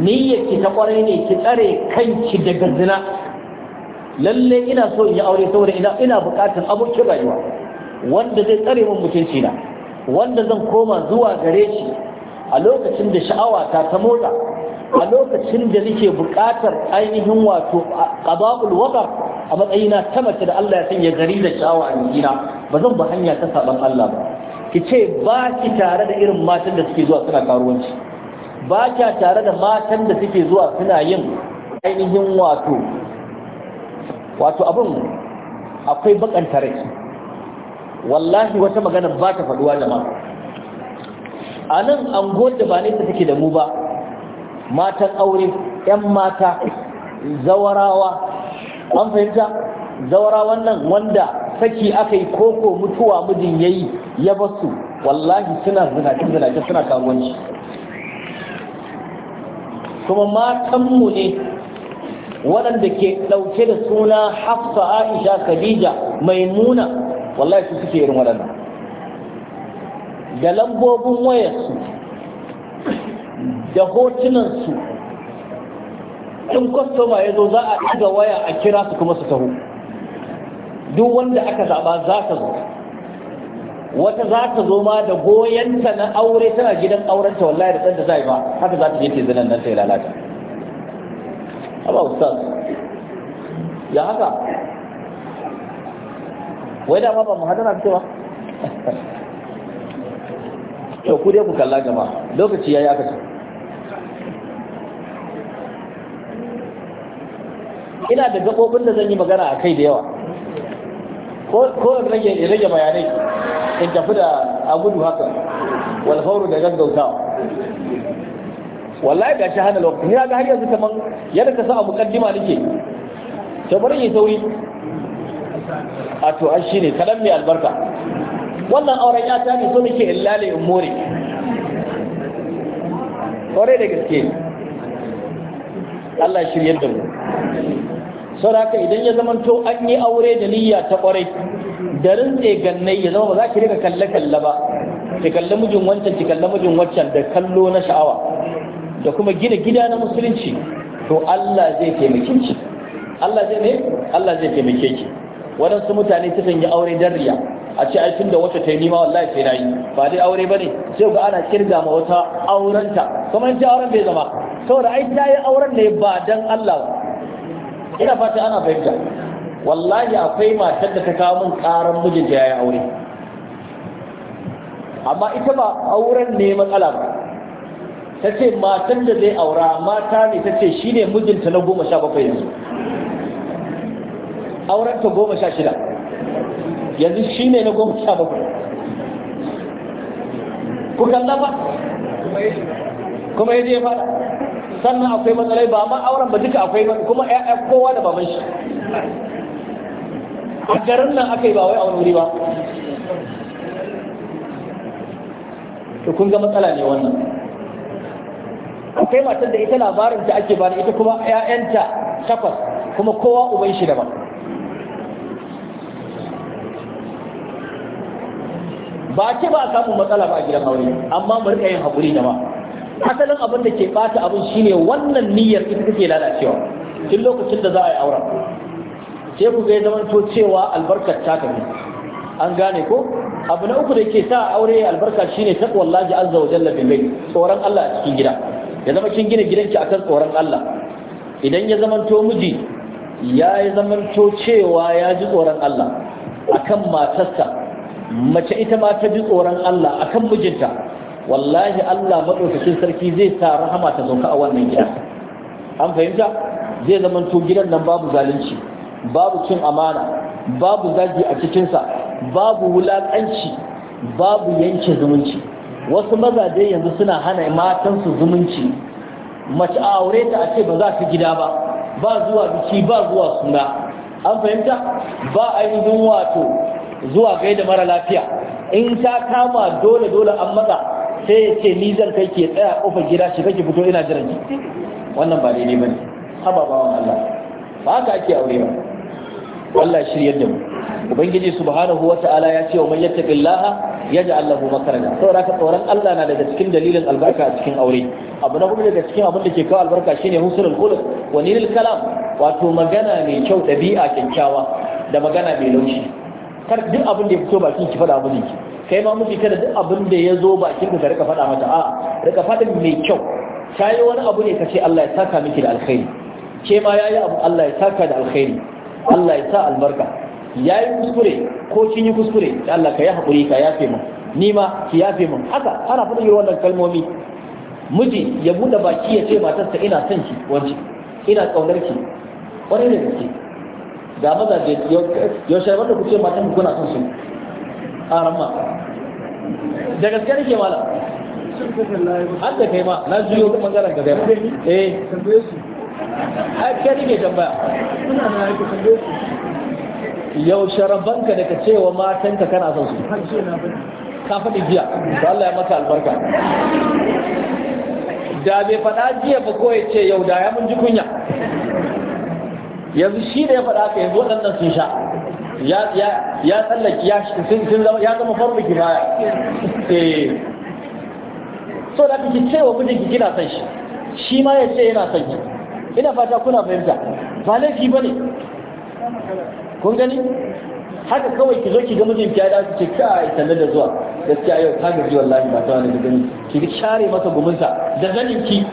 niyyar ki ta kware ne ki tsare kanki daga zina lalle ina so in yi aure saboda ina ina buƙatar abokin rayuwa wanda zai tsare min mutunci na wanda zan koma zuwa gare shi a lokacin da sha'awa ta ta motsa a lokacin da nake buƙatar ainihin wato qada'ul wadar a matsayina ta mace da Allah ya sanya gari da sha'awa a jikina ba zan ba hanya ta saban Allah ba ki ce ba ki tare da irin matan da suke zuwa suna karuwanci ba kya tare da matan da suke zuwa suna yin ainihin wato wato abin akwai bakan wallahi wata magana ba ta faduwa ma. a nan an da ba ta take da mu ba matan aure 'yan mata zawarawa an fahimta zawarawan nan wanda saki aka yi koko mutuwa mijin ya yi ya basu wallahi suna zinace zinace suna karuwanci kuma matanmu ne waɗanda ke ɗauke da suna hafsa aisha khadija maimuna wallahi su suke irin waɗannan da lambobin wayarsu da hotunansu in kwastoma ya zo za a ɗiga waya a kira su kuma su taho duk wanda aka zaba za ta zo wata za ta zo ma da ta na aure tana gidan aurenta wallahi da ɗan da zai ba haka za ta je ta zinan nan ta yi lalata amma ustaz ya haka wai da ma ba mu hadana cewa to ku dai ku kalla gama lokaci yayi aka ce
ina da gabobin da zan yi magana a kai da
yawa ko da rage ya rage bayanai in tafi da a gudu haka wal fauru da gaggautawa wallahi gashi hana lokaci ni ga har yanzu kaman yadda ka sa a mukaddima nake to bari yi sauri a to an shine kadan mai albarka wannan auren ya ta ne so nake illale in more kwarai da gaske Allah shirye da mu sauraka idan ya zamanto an yi aure da niyya ta kwarai da rintse gannai ya zama ba za ki rika kalle kalle ba ki kalle mijin wancan ki kalle mijin wancan da kallo na sha'awa da kuma gina gida na musulunci to Allah zai taimake ki Allah zai ne Allah zai taimake ki waɗansu mutane sukan yi aure dan riya a ce ai tunda wata ta yi nima wallahi sai na yi ba dai aure bane sai ga ana kirga ma wata aurenta kuma in ji auren bai zama saboda ai ta yi auren ne ba dan Allah ba ina fata ana fahimta wallahi akwai matar da ta kawo min karan mijinta yayi aure amma ita ba auren ne matsala ba ta ce matan da zai aura mata ne ta ce shi ne mijinta na goma sha bakwai yanzu auren ta goma sha shida yanzu shi ne na goma sha bakwai ku kalla ba kuma ya je fara sannan akwai matsalai ba ma auren ba duka akwai ba kuma ƴaƴa kowa da baban shi
a garin nan aka yi ba wai auren
wuri ba to kun ga matsala ne wannan akwai matar da ita labarin ta ake bani ita kuma ƴaƴanta takwas kuma kowa uban shi daban ba ce ba a samun matsala ba a gidan aure amma mu rika yin haƙuri da ba asalin abin da ke bata abin shine wannan niyyar ita take lalacewa tun lokacin da za a yi aure. sai ku ga zaman to cewa albarkar ta kafi an gane ko abu na uku da ke sa aure albarka shine taqwallahi azza wa jalla bil mai tsoron Allah a cikin gida ya zama kin gina gidanki akan tsoron Allah idan ya zaman to miji ya yi zaman to cewa ya ji tsoron Allah akan matarsa mace ita ma ta ji tsoron Allah akan mijinta wallahi Allah madaukakin sarki zai sa rahama ta sauka a wannan gida an fahimta zai zama to gidan nan babu zalunci babu cin amana babu zagi a cikinsa babu wulaƙanci babu yanke zumunci wasu maza mazaje yanzu suna hana matansu zumunci mace a aure ta a ce ba za ta gida ba ba zuwa biki ba zuwa suna an fahimta ba ainihin wato zuwa gaida mara lafiya in ta kama dole dole an matsa sai ya ce ni zan kai ke tsaya kofar gida shi kake fito ina jiran ki wannan ba daidai bane haba bawan Allah ba haka ake aure ba Allah shiryar da mu ubangiji subhanahu wata'ala ya ce wa man yattaqillaha yaj'al lahu makhraja saboda ka tsoron Allah na daga cikin dalilin albarka a cikin aure abu na hudu daga cikin abin da ke kawo albarka shine husnul khuluq wa nilil kalam wato magana mai kyau dabi'a kyakkyawa da magana mai laushi kar duk abin da ya fito bakin ki faɗa abin ki kai ma miji kada duk abin da ya zo bakin ka rika faɗa mata a rika faɗin mai kyau ta yi wani abu ne ka ce Allah ya saka miki da alkhairi ke ma ya yi abu Allah ya saka da alkhairi Allah ya sa albarka ya yi kuskure ko kin yi kuskure da Allah ka yi haƙuri ka yafe min ni ma ki yafe min haka ana faɗin irin wannan kalmomi miji ya bude baki ya ce matarsa ina son ki wance ina ƙaunar ki ƙwarai da gaske ga maza mazaje yaushe wanda ku ce matan kuna son su a ramma da gaske nake mala har da kai ma na juyo ta bangaren ka kai eh ai kai nake tambaya suna na yake tambaye su yau sharabanka da ka ce wa matanka kana son su ka faɗi jiya to Allah ya maka albarka da bai faɗa jiya ba ko ya ce yau da ya mun ji kunya yanzu shi da ya faɗa ka yanzu waɗannan sun sha ya ya ya tsallaki ya sun ya zama farko kifaya eh so da kike ce wa ki kina son shi shi ma ya ce yana son ki ina fata kuna fahimta ba laifi bane kun gani haka kawai ki zo ki ga mijinki ya dace ce kai sanar da zuwa gaskiya yau ka gaji wallahi ba ta wani da gani ki share masa gumunsa da zanin ki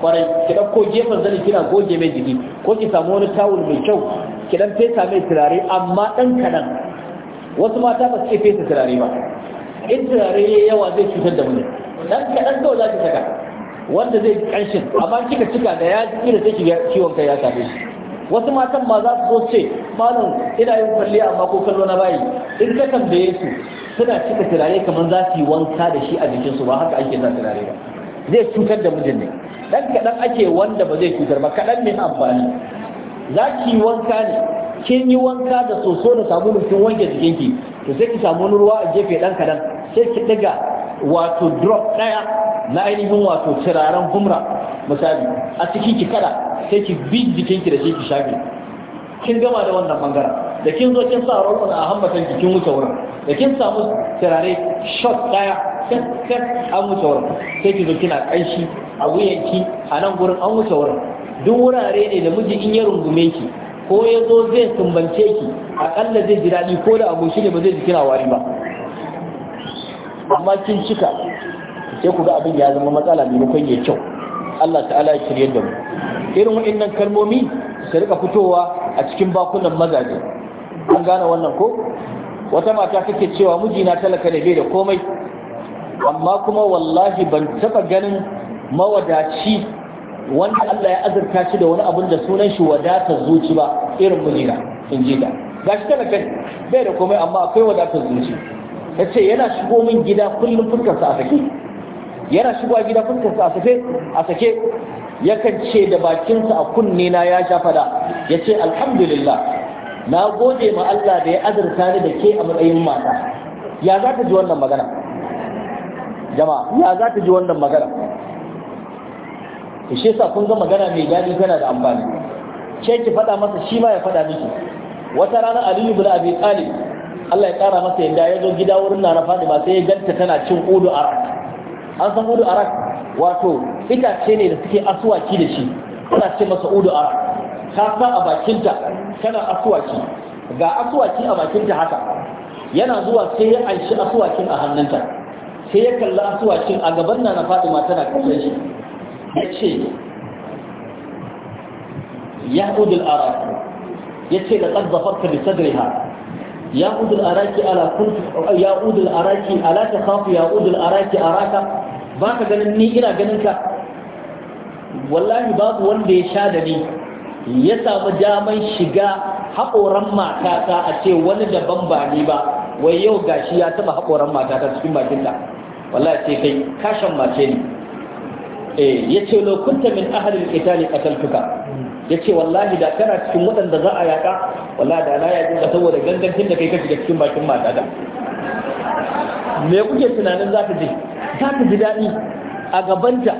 kwarai ki dauko gefen zanin kina goge mai jiki ko ki samu wani tawul mai kyau ki dan fesa mai turare amma dan kaɗan wasu mata ba su ke fesa turare ba in turare ya yawa zai cutar da mu ne dan kaɗan kawai za ki saka wanda zai kanshin amma kika cika da ya kira sai shiga ciwon kai ya same shi wasu matan ma za su zo ce malam ina yin kwalliya amma ko kallo na bayi in ka tambaye su suna cika turare kamar za su yi wanka da shi a jikinsu ba haka ake sa turare ba zai cutar da mijin ne dan kaɗan ake wanda ba zai cutar ba kaɗan ne amfani za ki wanka ne kin yi wanka da soso da sabulu kin wanke jikinki to sai ki samu wani ruwa a gefe dan kadan sai ki diga wato drop daya na ainihin wato turaren humra misali a cikin ki kada sai ki bi jikinki da shi ki shafe kin gama da wannan bangaren da kin zo kin sa roƙon a hambatan ki kin wuce wurin da kin samu turare shot daya kakkat an wuce wurin sai ki zo kina kanshi a wuyanki a nan gurin an wuce wurin duk wurare ne da miji in ya rungume ki ko ya zo zai sumbance ki akalla zai ji daɗi ko da abu shi ne ba zai ji kina wari ba amma kin cika sai ku ga abin ya zama matsala maimakon ya kyau Allah ta'ala ya shirye da mu irin waɗannan kalmomi su rika fitowa a cikin bakunan mazaje an gane wannan ko wata mata kake cewa mijina talaka ne bai da komai amma kuma wallahi ban taɓa ganin mawadaci wanda Allah ya azurta shi da wani abin da sunan shi wadatar zuci ba irin mijina in ji ta gashi kana kai bai da komai amma akwai wadatar zuci ta ce yana shigo min gida kullum fuskarsa a sake yana shigo gida fuskarsa a sake a sake yakan ce da bakinsa a kunne na ya sha fada ya ce alhamdulillah na gode ma Allah da ya azurta ni da ke a matsayin mata ya za ta ji wannan magana jama'a ya za ta ji wannan magana to shi yasa kun ga magana mai dadi tana da amfani ke ki faɗa masa shi ma ya faɗa miki wata rana aliyu ibn abi talib Allah ya ƙara masa yadda ya zo gida wurin Nana Fatima sai ya ganta tana cin udu arak an san udu arak wato itace ne da suke asuwaki da shi kana ce masa udu arak ka sa a bakinta tana asuwaki ga asuwaki a bakinta haka yana zuwa sai ya anshi asuwakin a hannunta sai ya kalla asuwakin a gaban Nana Fatima tana kallon shi ya ce yahudul araki ya ce da ƙaddafarta da sadriha yahudul araki ala ya yahudul araki ala ta kafu yahudul araki araka ba ka ganin ni ina ganin ka wallahi babu wanda ya sha da ni ya samu daman shiga haƙoran matata a ce wani daban ba ni ba wai yau gashi ya taɓa haƙoran matata cikin bakin ta wallahi ce kai kashin mace ne Eh, ya ce lokunta min ahalin itali kataltuka ya ce wallahi da kana cikin waɗanda za a yaƙa wallahi da na ya ka saboda gangancin da kai ka shiga cikin bakin mata da me kuke tunanin za ta ji za ta ji daɗi a gabanta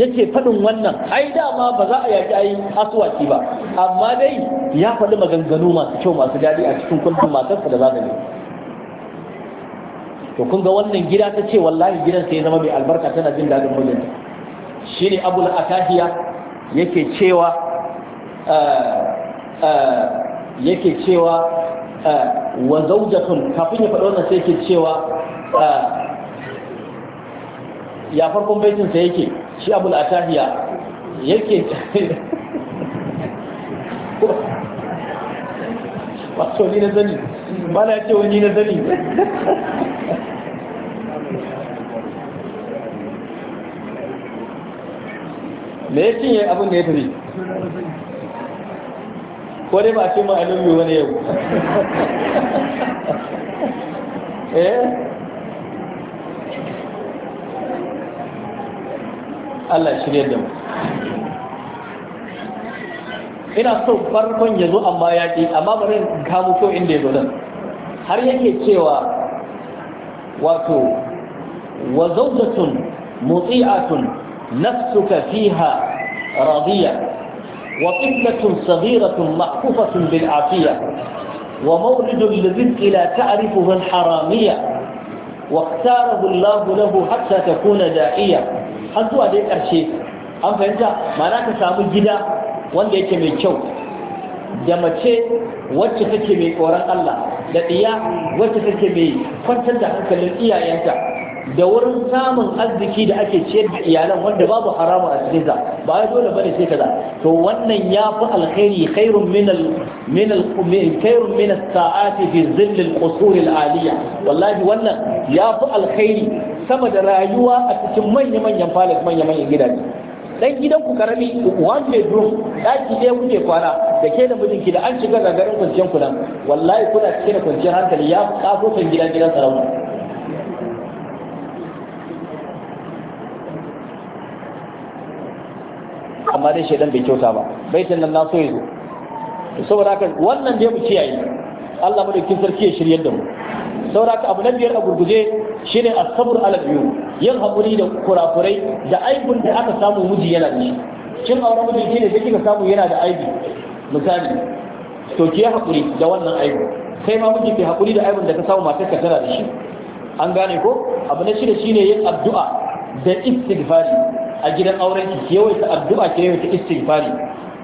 ce faɗin wannan ai dama ba za a yaƙi yi asuwaki ba amma dai ya faɗi maganganu masu kyau masu daɗi a cikin kundin matarsa da za ta to kun ga wannan gida ta ce wallahi gidan sai zama mai albarka tana jin daɗin mijinta ne abu atahiya yake cewa eh, eh, yake cewa eh, wa zaujatun kafin ya faɗo wannan sai yake cewa ya farkon baitinsa yake shi abu atahiya yake wato ni na zani ba na ce wani na zani me ya cinye abin da ya tafi ko dai ba a ma'anin alummi wani yau eh Allah shirya da mu ina so farkon ya zo amma ya ce amma bari kamo ko inda ya zo nan har yake cewa wato wa zaujatun muti'atun نفسك فيها راضية وطفلة صغيرة محفوفة بالعافية ومورد للرزق لا تعرفه الحرامية واختاره الله له حتى تكون داعية har zuwa dai ƙarshe an fahimta mana ka samu gida wanda yake mai kyau da mace wacce take mai tsoron Allah da ɗiya wacce take mai kwantar da hankalin iyayenta da wurin samun arziki da ake ciyar da iyalan wanda babu haramu a cikin sa ba ya dole bane sai kaza to wannan ya fi alkhairi khairun min al min al khairun min as-sa'ati fi zill al-qusur al-aliyya wallahi wannan ya fi alkhairi sama da rayuwa a cikin manyan manyan palace manyan manyan gidaje dan gidan ku karami one bedroom daki ɗaya kuke kwana da ke da mijinki da an shiga gagarin kwanciyar ku nan wallahi kuna cikin kwanciyar hankali ya kafofin gidan gidan sarauta amma dai shaidan bai kyauta ba baitin nan na so ya zo saboda haka wannan dai mu kiyaye Allah madaukin sarki ya shiryar da mu saboda haka abu nan biyar a gurguje shine as-sabr ala biyu yin hakuri da kurakurai da aibun da aka samu miji yana da shi kin aure miji ne da kika samu yana da aibi misali to ki hakuri da wannan aibi kai ma miji ki hakuri da aibun da ka samu ka tana da shi an gane ko abu na shida shine yin addu'a da istighfari a gidan auren ki yawaita addu'a ki yawaita istighfari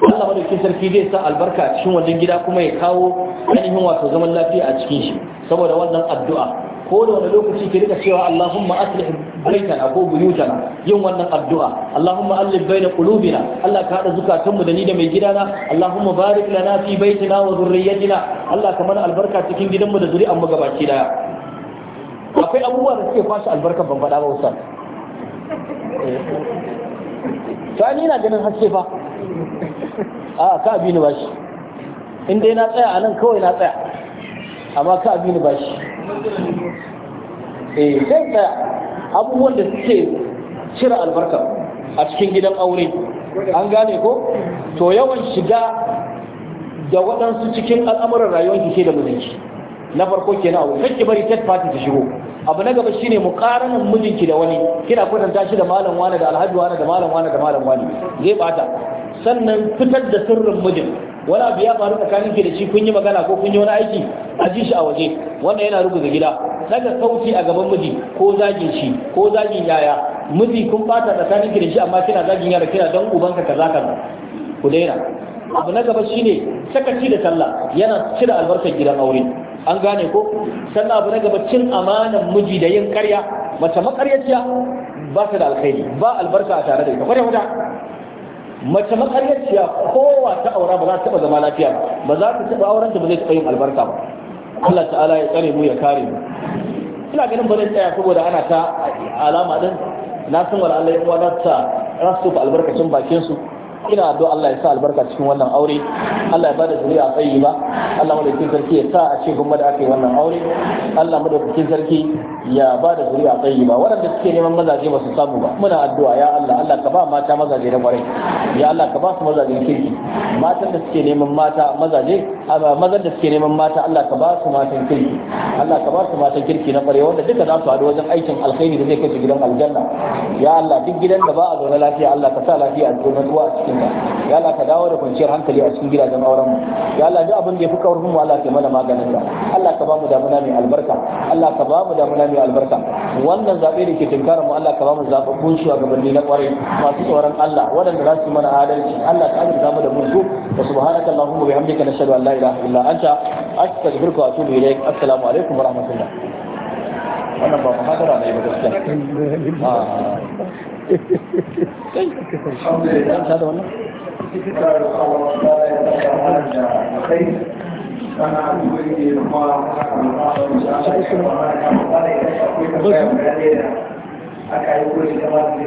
Allah madaukakin sarki zai sa albarka a cikin wannan gida kuma ya kawo ainihin wato zaman lafiya a cikin shi saboda wannan addu'a ko da wani lokaci ki rika cewa Allahumma aslih baitana ko buyutana yin wannan addu'a Allahumma allif baina qulubina Allah ka hada zukatanmu da ni da mai gidana Allahumma barik lana fi baitina wa dhurriyyatina Allah ka mana albarka cikin gidanmu da zuri'an mu gabaki daya akwai abubuwa da suke kwashe albarkar ban faɗa ba ustaz Sani ni na ganin haske fa a ka abi ni bashi in dai na tsaya a nan kawai na tsaya amma ka abi ni bashi eh sai tsaya abubuwan da suke cire albarka a cikin gidan aure an gane ko to yawan shiga da waɗansu cikin al'amuran rayuwar ke da mijinki na farko kenan abu kake bari third party ta shigo abu na gaba shine muqaranan mijinki da wani kina kwatan shi da malam wani da alhaji wani da malam wani da malam wani zai bata sannan fitar da sirrin mijin wani abu ya faru tsakanin ki da shi kun yi magana ko kun yi wani aiki a ji shi a waje wannan yana rubuta gida daga sauti a gaban miji ko zagin shi ko zagin yaya miji kun bata tsakanin ki da shi amma kina zagin yara kina dan ubanka kaza kaza ku daina abu na gaba shine sakaci da talla. yana cire albarkar gidan aure an gane ko sannan abu na gaba cin amanan miji da yin karya mace makaryaciya ba ta da alkhairi ba albarka a tare da ita kware kwata mace makaryaciya kowa ta aura ba za ta taba zama lafiya ba za ta taba auren ba zai taba yin albarka ba Allah ta'ala ya tsare mu ya kare mu ina ganin ba zan tsaya saboda ana ta alama din na san wala Allah ya uwa ta rasu albarkacin bakin su ina addu'a Allah ya sa albarka cikin wannan aure Allah ya bada zuriya tsayi ba Allah madaukakin sarki ya sa a ce gumma da aka yi wannan aure Allah madaukakin sarki ya bada zuriya tsayi ba waɗanda suke neman mazaje ba su samu ba muna addu'a ya Allah Allah ka ba mata mazaje na ƙwarai, ya Allah ka ba su mazajen kirki matan da suke neman mata mazaje mazan da suke neman mata Allah ka ba su matan kirki Allah ka ba su matan kirki na kwarai wanda duka za su haɗu wajen aikin alkhairi da zai kai su gidan aljanna ya Allah duk gidan da ba a zaune lafiya Allah ka sa lafiya a cikin hankalinka ya Allah ka dawo da kwanciyar hankali a cikin gidajen auren mu ya Allah duk abin da yafi kaurin mu Allah ka mana maganin ka Allah ka ba mu damuna mai albarka Allah ka ba mu damuna mai albarka wannan zabe da ke tunkarar mu Allah ka ba mu zababbun shugabanni na kwarai masu tsoron Allah waɗanda za su yi mana adalci Allah ka azurta mu da mutu wa subhanaka allahumma bihamdika nashhadu an la ilaha illa anta astaghfiruka wa atubu ilaik assalamu alaikum wa rahmatullah
wannan ba hadara ne ba gaskiya aka yi kuri da wani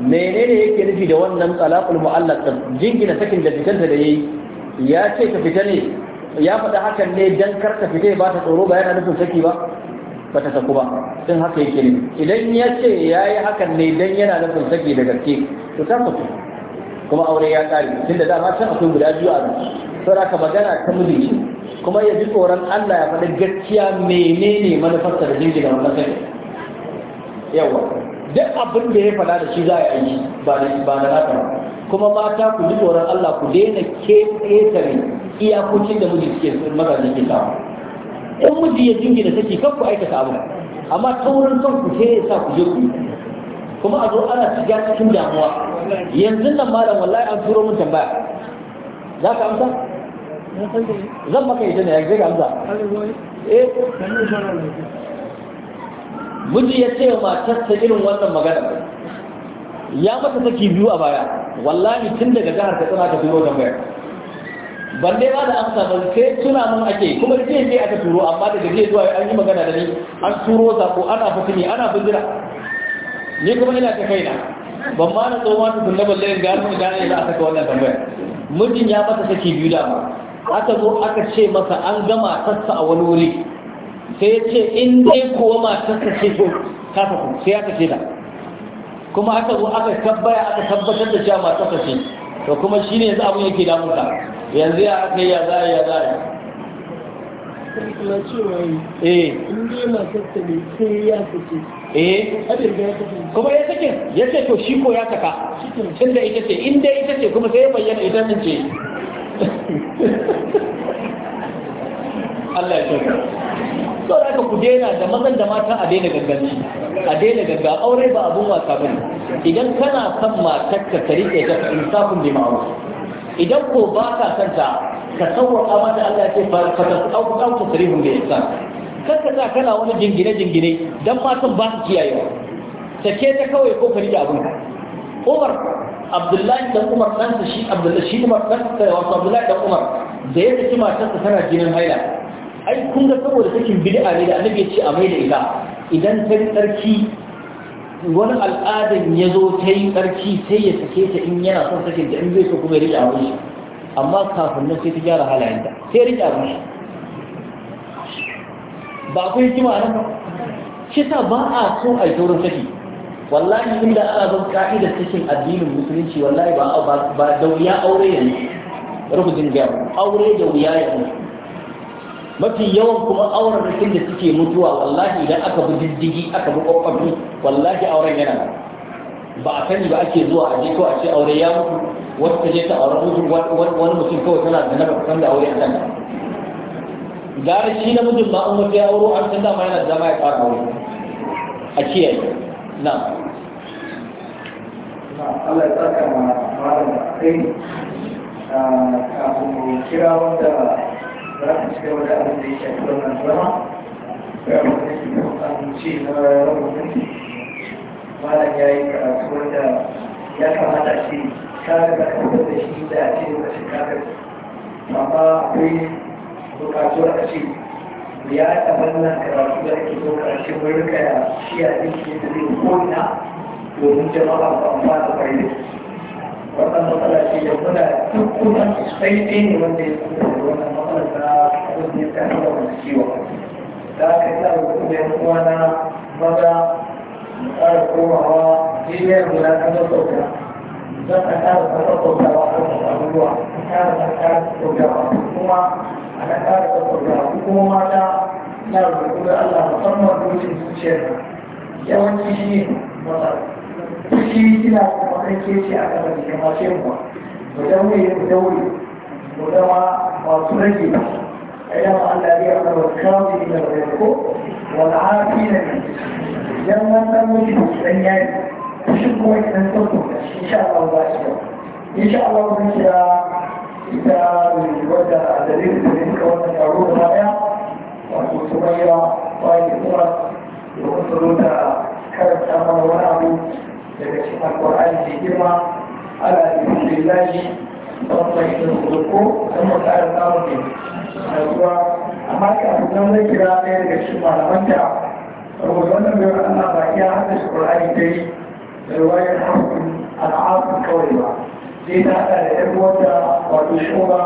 menene yake nufi da wannan talaqul mu'allaq din jingina sakin da fitanta da yayi ya ce ka fita ne ya faɗa hakan ne dan kar ka fita ba ta tsoro ba yana nufin saki ba ba ta saku ba din haka yake ne idan ya ce yayi hakan ne dan yana nufin saki da gaske to ta saku kuma aure ya kare tunda dama can akwai guda biyu a sai aka magana ta miji kuma ya ji tsoron Allah ya faɗi gaskiya menene manufarsa da jingina wannan sai yawa duk abin da ya fada da shi za a yi ba da naka kuma mata ku ji tsoron Allah ku daina ketare iyakokin da miji suke mazaje ke samu in miji ya jingina take kan ku aikata abu amma ta wurin kan ku ke ya sa ku je ku kuma a zo ana shiga cikin damuwa yanzu nan malam wallahi an turo mun tambaya za ka amsa zan maka ita ne ya ga amsa eh
miji ya ce matar ta
irin wannan magana ya mata saki biyu a baya wallahi tun daga jihar ta tsana ta turo tambaya ban dai ba da amsa ba sai tuna mun ake kuma jiya sai aka turo amma daga jiya zuwa an yi magana da ni an turo ko ana fitini ana bindira. ni kuma ina ta kaina ban ma na tsohon su tunna balle in gano da gane za a saka wannan tambaya mijin ya mata saki biyu da aka zo aka ce masa an gama sassa a wani wuri sai ya ce in dai kuwa matarsa ce ko ta faku sai ya ce da kuma aka zo aka tabbaya aka tabbatar da cewa matarsa ce to kuma shi ne yanzu abin
yake damunka yanzu ya aka yi ya za ya za ya na cewa yi eh. in dai matarsa ne sai ya fice eh
kuma ya sake ya ce to shi ko ya saka da ita ce in dai ita ce kuma sai ya bayyana ita din ce
Allah ya shaka
so da aka ku daina da mazan da mata a daina gaggani a daina gagga aure ba abun wasa ba idan kana son matar ka rike ta safin bi ma'ruf idan ko ba ka son ta ka sauwaka mata Allah ya ce fa ka sauka ka sarihun bi ihsan kar ka sa kana wani jingine jingine dan matan ba su ta ke ta kawai ko ka rike abun Umar Abdullahi dan Umar dan shi Abdullahi shi Umar ɗansa wasu Abdullahi dan Umar da ya saki matarsa tana jinin haila ai kun ga saboda sakin bid'a ne da annabi ya ce a mai da ita idan ta yi tsarki wani al'adar ya zo ta yi tsarki sai ya sake ta in yana son sakin ta in zai so kuma ya rike abin shi amma kafin nan sai ta gyara halayenta sai ya rike abin shi ba akwai yi kima nan ba shi sa ba a so a yi taurin saki wallahi inda ana zan ka'idar cikin addinin musulunci wallahi ba ba da wuya aure yanzu rubutun gaya aure da wuya yanzu mafi yawan kuma auren rikin da suke mutuwa wallahi idan aka bi diddigi aka bi kwakwabi wallahi auren yana nan ba a sani ba ake zuwa a jiko a ce aure ya mutu wata ta je ta auren mutum wani mutum kawai tana da na bakon da aure a nan gara shi na mutum ma an mutu ya auro an san dama yana zama ya fara aure a kiyaye na
Allah ya tsaka ma malam kai ah, kafin kira wanda ba za cigaba da abin da ya na malam ya yi karatu wanda ya kamata ce ka daga kasar da shi da ya ce lokacin amma a ce karatu ake so karshen wurin kaya shi a ɗin da zai domin jama'a ba wannan matsala ce da muna dukkan sai ɗaya ne wanda ya suka da wannan matsala ta wanda ya kasa da wani ciwon da aka yi tsara kuma da kuma na maza mu tsara komawa jiyar mu na kasa sauka Zan a tsara kasa sautawa a kan abubuwa a tsara kasa sautawa kuma a na tsara kasa sautawa kuma mata na rubutu da Allah musamman dukkan zuciyar yawanci shi ne matsala shi kina kwanan keci a kan da kama ce mu mu dan mai mu daure mu zama masu rage ayyama Allah ya fara kawo da ko wal afina idan wannan mutum dan yayi shi kuma idan sun kuma insha Allah ba shi insha Allah mun kira ita dalilin da ne kawai da taro da baya wato sumayya wa ya kuma domin su karanta mana wani abu daga cikin alkur'ani da girma ala alhamdulillahi babban shi da ko don mu ƙara samun ne zuwa, amma ka abu nan zai kira ɗaya daga cikin malaman da rubutu wannan bai Allah ba ya haɗa shi ƙur'ani dai da ruwayar hankali al'adu kawai ba zai ta haɗa da ɗan wata wato shoba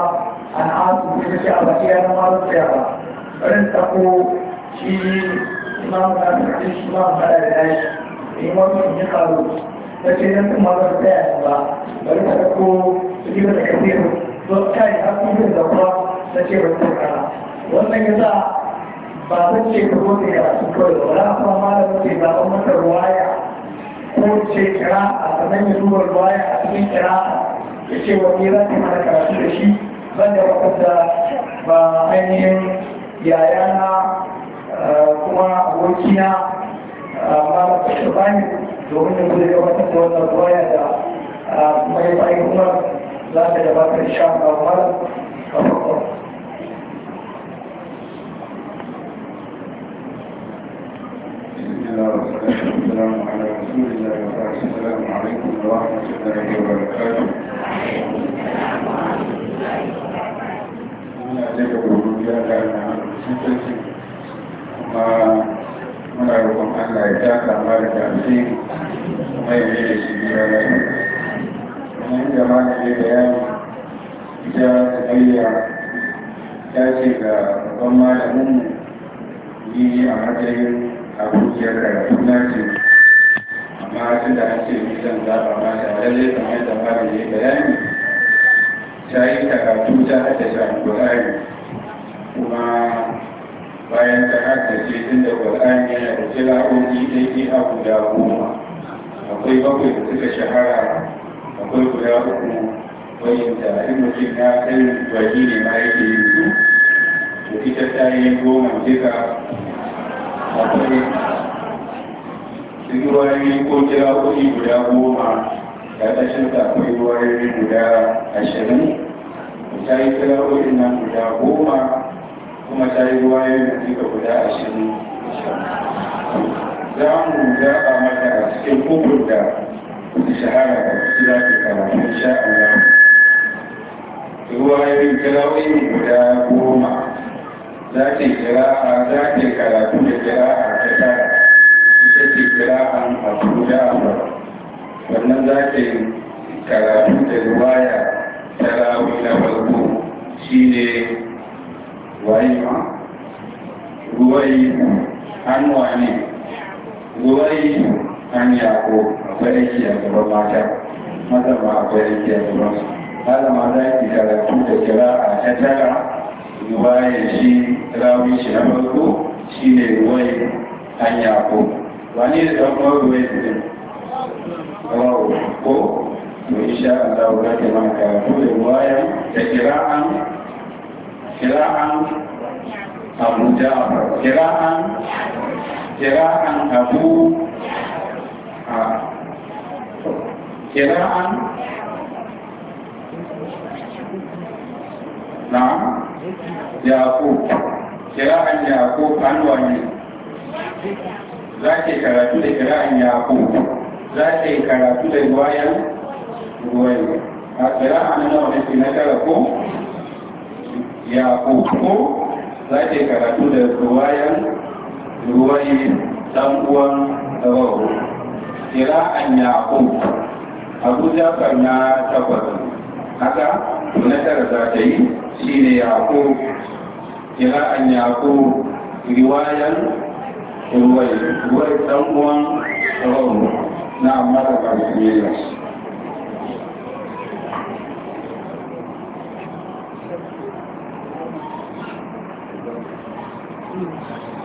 al'adu da ta ce a baki ya na malu tsaya ba. Rin tako shi imamu na karfi shi ma fara da tashi da imamu ya faru ta ce nan kuma ba ta yaya ba bari ta ko su ji mata kafiru don a da kuma ta ce ba ya sa ba ta ce ka ko ta karatu kawai ba wala kuma malam ce ba ban ruwaya ko ce kira a sanan ya duba ruwaya a cikin kira ya ce wani za karatu da shi ban da yayana kuma abokina malam shafani domin da zai gabatar da wannan ruwaya da mai bayan umar za da gabatar sha a malam a farko
السلام kuma muna roƙon Allah ya ta kama da tafi kuma ya yi da shi biya na yi kuma da ma da ya bayani ita tafiya ta ce ga babban malamin yi a matsayin abokiyar karatu na ce amma tun da an ce mutum zaɓa ma da lallai kamar da ma da ya bayani ta yi karatu ta haddasa alƙur'ani kuma bayan ta ce tun da ƙwar'an yana da tila'o'i daidai a guda goma akwai bakwai da suka shahara akwai guda uku wayanta in mutum na ɗan baki ne ma yake yanzu su to ta yi goma duka akwai duk ruwayoyi ko tila'o'i guda goma ƙarƙashin ta akwai wani guda ashirin ta yi tila'o'in nan guda goma kuma ta yi ruwayoyi da duka guda a shirin za mu a mata a cikin hukun da shahara da su za su kama insha Allah ruwayoyin wani guda goma za ta yi a za ta yi karatu da a ta tara ita ce guda a ba wannan za ta yi karatu da ya tara wani na farko shi ne waima guwaimu an wane guwaimu an yako abariki a gaba mata mata ma abariki a gaba ala ma za ki karatu da kira a ta tara guwaye shi rawi shi na farko shi ne guwaimu an yako wani da ɗan kwa guwai ne wawo ko to isha Allah ga ke man karatu da guwaye da kira an kira'an abu ja'far kira'an
kira'an abu ah, kira'an
na yaqub kira'an yaqub an wani za ke karatu da kira'an yaqub zaki ke karatu da ruwayan ruwayan a ah, kira'an nawa ne na tara ko ya ko za ta karatu da ruwayan ruwayi dan uwan rawu kira'an ya ko abu jafar na tabbata haka na tara za ta yi shi ne ya ko kira'an ya ko riwayan ruwayi ruwayi dan uwan rawu na amma da ba su
viewing.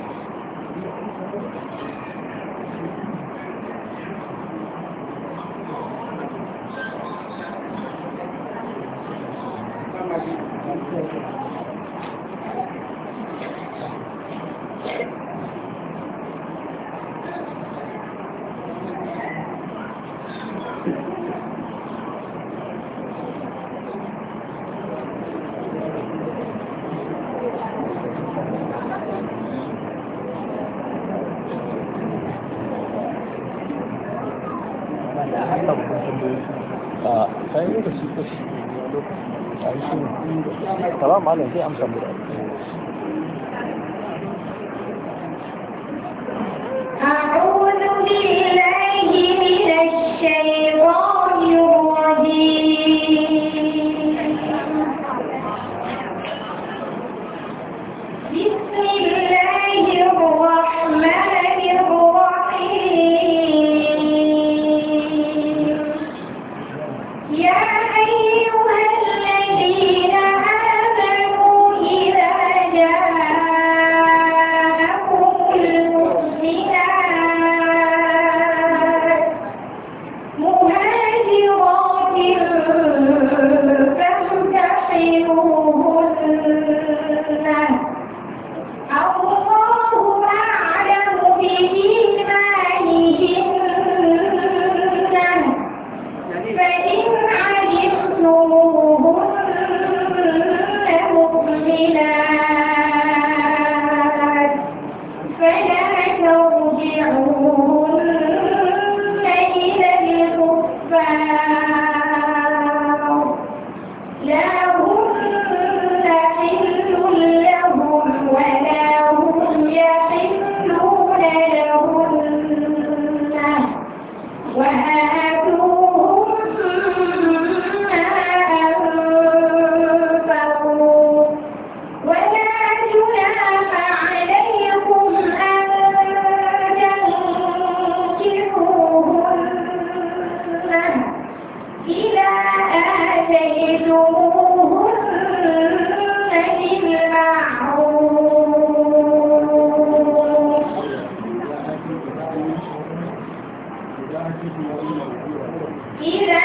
إذا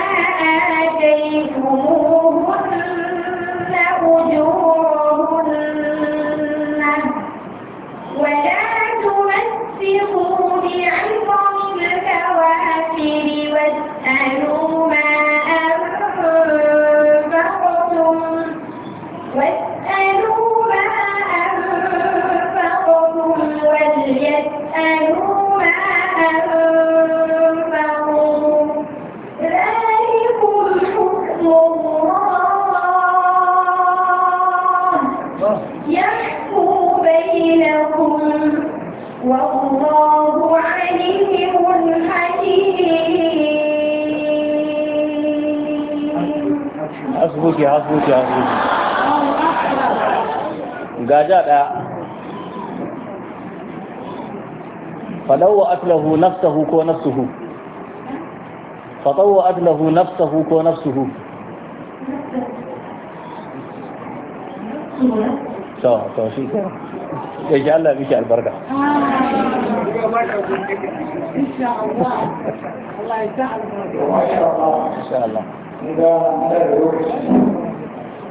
آتيتموهن
har zuci har
zuci daya fadawa atlahu ko nafsuhu fadawa atlahu ko nafsuhu to to shi ke insha Allah miki albarka
Allah Allah ya sa albarka
Allah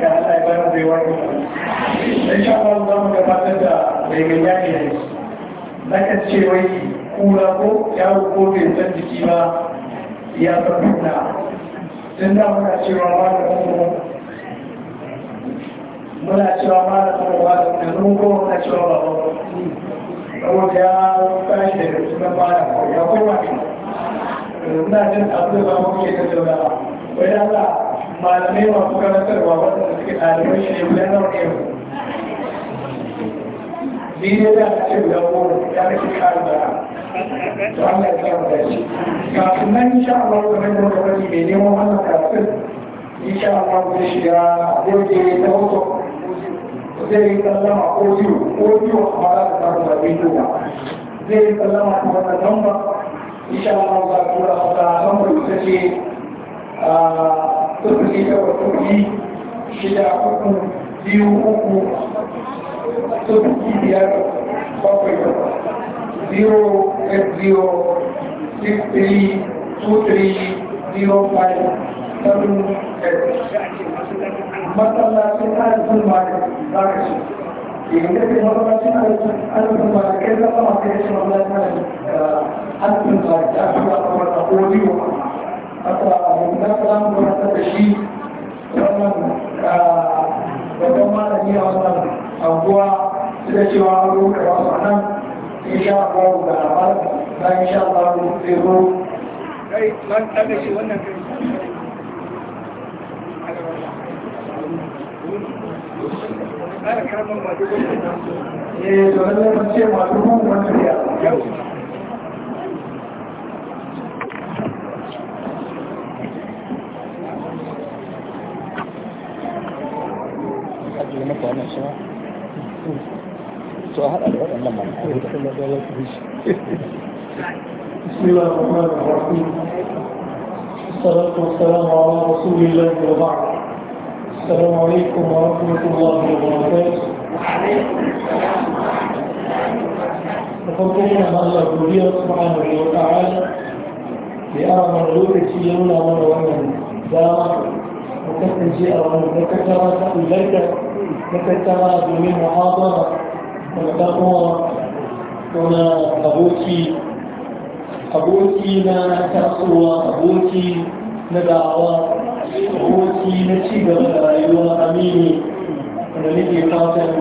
da Allah ya bada bai wani in sha Allah za mu gabatar da mai ganyani da shi na kan ce wai kura ko yaro ko bai san jiki ba ya san kuna tun da muna cewa ba da kuma muna cewa ba da kuma ba da kuma ko muna cewa ba ba saboda ya tashi daga cikin fara ya kowa
ne muna jin abu da
ba mu ke tattaunawa wai Allah malamai masu karantarwa waɗanda suke ɗalibai shi ne guda nawa ne
ni ne da ce guda goma ya nake ƙara
da to Allah ya da dace kafin nan insha Allah kamar da muka wani mai neman wannan karatun insha Allah zai shiga goge ta hoto zai yi sallama audio audio amma za ta samu zaɓe duba zai yi sallama ta wannan lamba insha Allah za a tura masa lambar ita ce ah, sufuri kawai shida uku biyu uku sufuri biyar zero eight zero six three two three zero five seven eight masallacin arzikin malik zakashi yanzu da masallacin arzikin malik ya zama kai shi masallacin eh, arzikin malik ya fi wata wata ko biyu haka abin da za mu rasa da shi wannan ah, babban malami a wannan anguwa da cewa an rubuta wasu a nan insha Allah ga amal na insha Allah zai zo kai ban tada shi wannan kai Eh, to
lallai ce masu mun wani ya.
maka wannan shi to a haɗa بسم الله الرحمن الرحيم الصلاة والسلام على رسول الله وبعد السلام عليكم ورحمة الله وبركاته
وعليكم السلام
الله وبركاته سبحانه وتعالى لأرى من لوكتي يونا من ومن دار kasance a wani makattara ta ilaita makattara domin muhabara da ɗan'uwa wani aboki aboki na tasowa aboki na da'awa aboki na ci gaba da rayuwa amini da nake fatan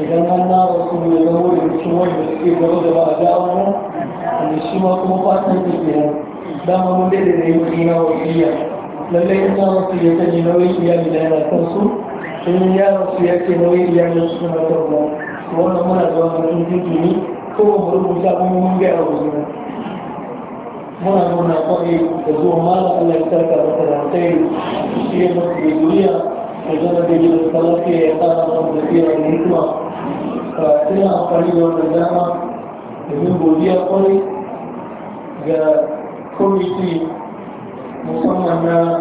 idan an na wasu ne zama da mutum wanda suke gaba da ba a da'awa da shi ma kuma fatan da ke nan dama mun daidai da yi na wasiya lallai ina masu ya kaji nauyin iyali da yana kan su in ya rasu ya ce nauyin iyali su suna kan ba wannan muna zuwa mutum jiki ne ko mu rubuta kuma mun gaya wa juna muna nuna kwaɗe da zuwa mala Allah ya sarka da sarantai shi ya masu da duniya da zama da gina salafiya ya tsara masu da fiye da hikima ka tuna amfani da wannan dama domin godiya kwarai ga kwamiti مصمم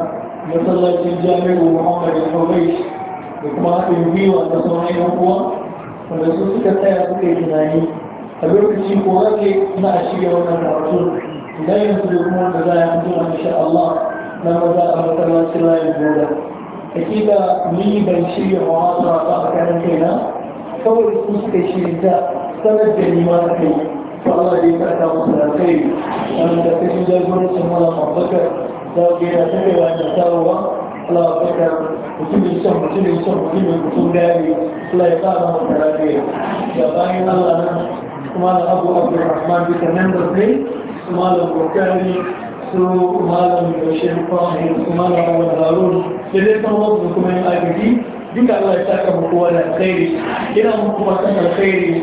مصلى الجامع محمد الحويش بكماتهم بي وتصمعين أقوى فنسوسك التائر في الجنائي أبيرك الشيخ وغاكي ما أشياء ونمع رسول لا ينصدقون بذا يمتون إن شاء الله لما ذا أمتنا سلا يبودا أكيد مي بنشي وعاصر أطاق كارنتينا فور اسمسك الشيخ ذا سمت جنيمانك فالله دي فأتا وصلاتي أنا تفتش جاي بورس مولا مبكر sauke da tarewa da sauwa Allah ya baka mutumin shan mutumin shan mutumin mutum gari Allah ya kara masa rabe da bayan Allah nan kuma da Abu Abdulrahman duka nan da kai kuma da Bukari su malam Bashir Fahim kuma malam Abu Harun da dai sauran su kuma yin agaji duka Allah ya saka muku wani alkhairi ina muku masan alkhairi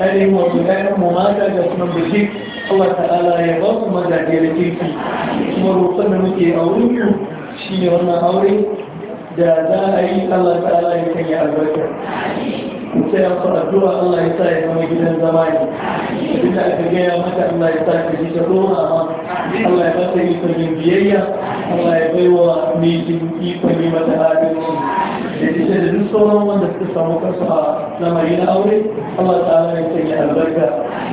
ainihin wato mu mata da kuma biki Allah ta'ala ya ba ku mazaje da kirki kuma roƙon da muke a wurin shi ne wannan aure da za a yi Allah ta'ala ya sanya albarka sai an fara addu'a Allah ya sa ya zama gidan zama ne duk da aka gaya mata Allah ya sa ka ji ta roma Allah ya ba ta yi biyayya Allah ya bai wa mai ikon yi mata adalci da ita da duk sauran wanda suka samu kansu a lamari na aure Allah ta ala ya sanya albarka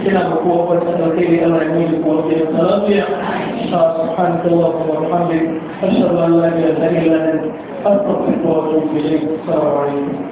ina ga kowa farka ɗauke da Allah ya mai kowa da yasa lafiya a subhanahu
wa ta'ala wa hamdi ashhadu an la ilaha illa anta astaghfiruka wa atubu ilayk assalamu alaikum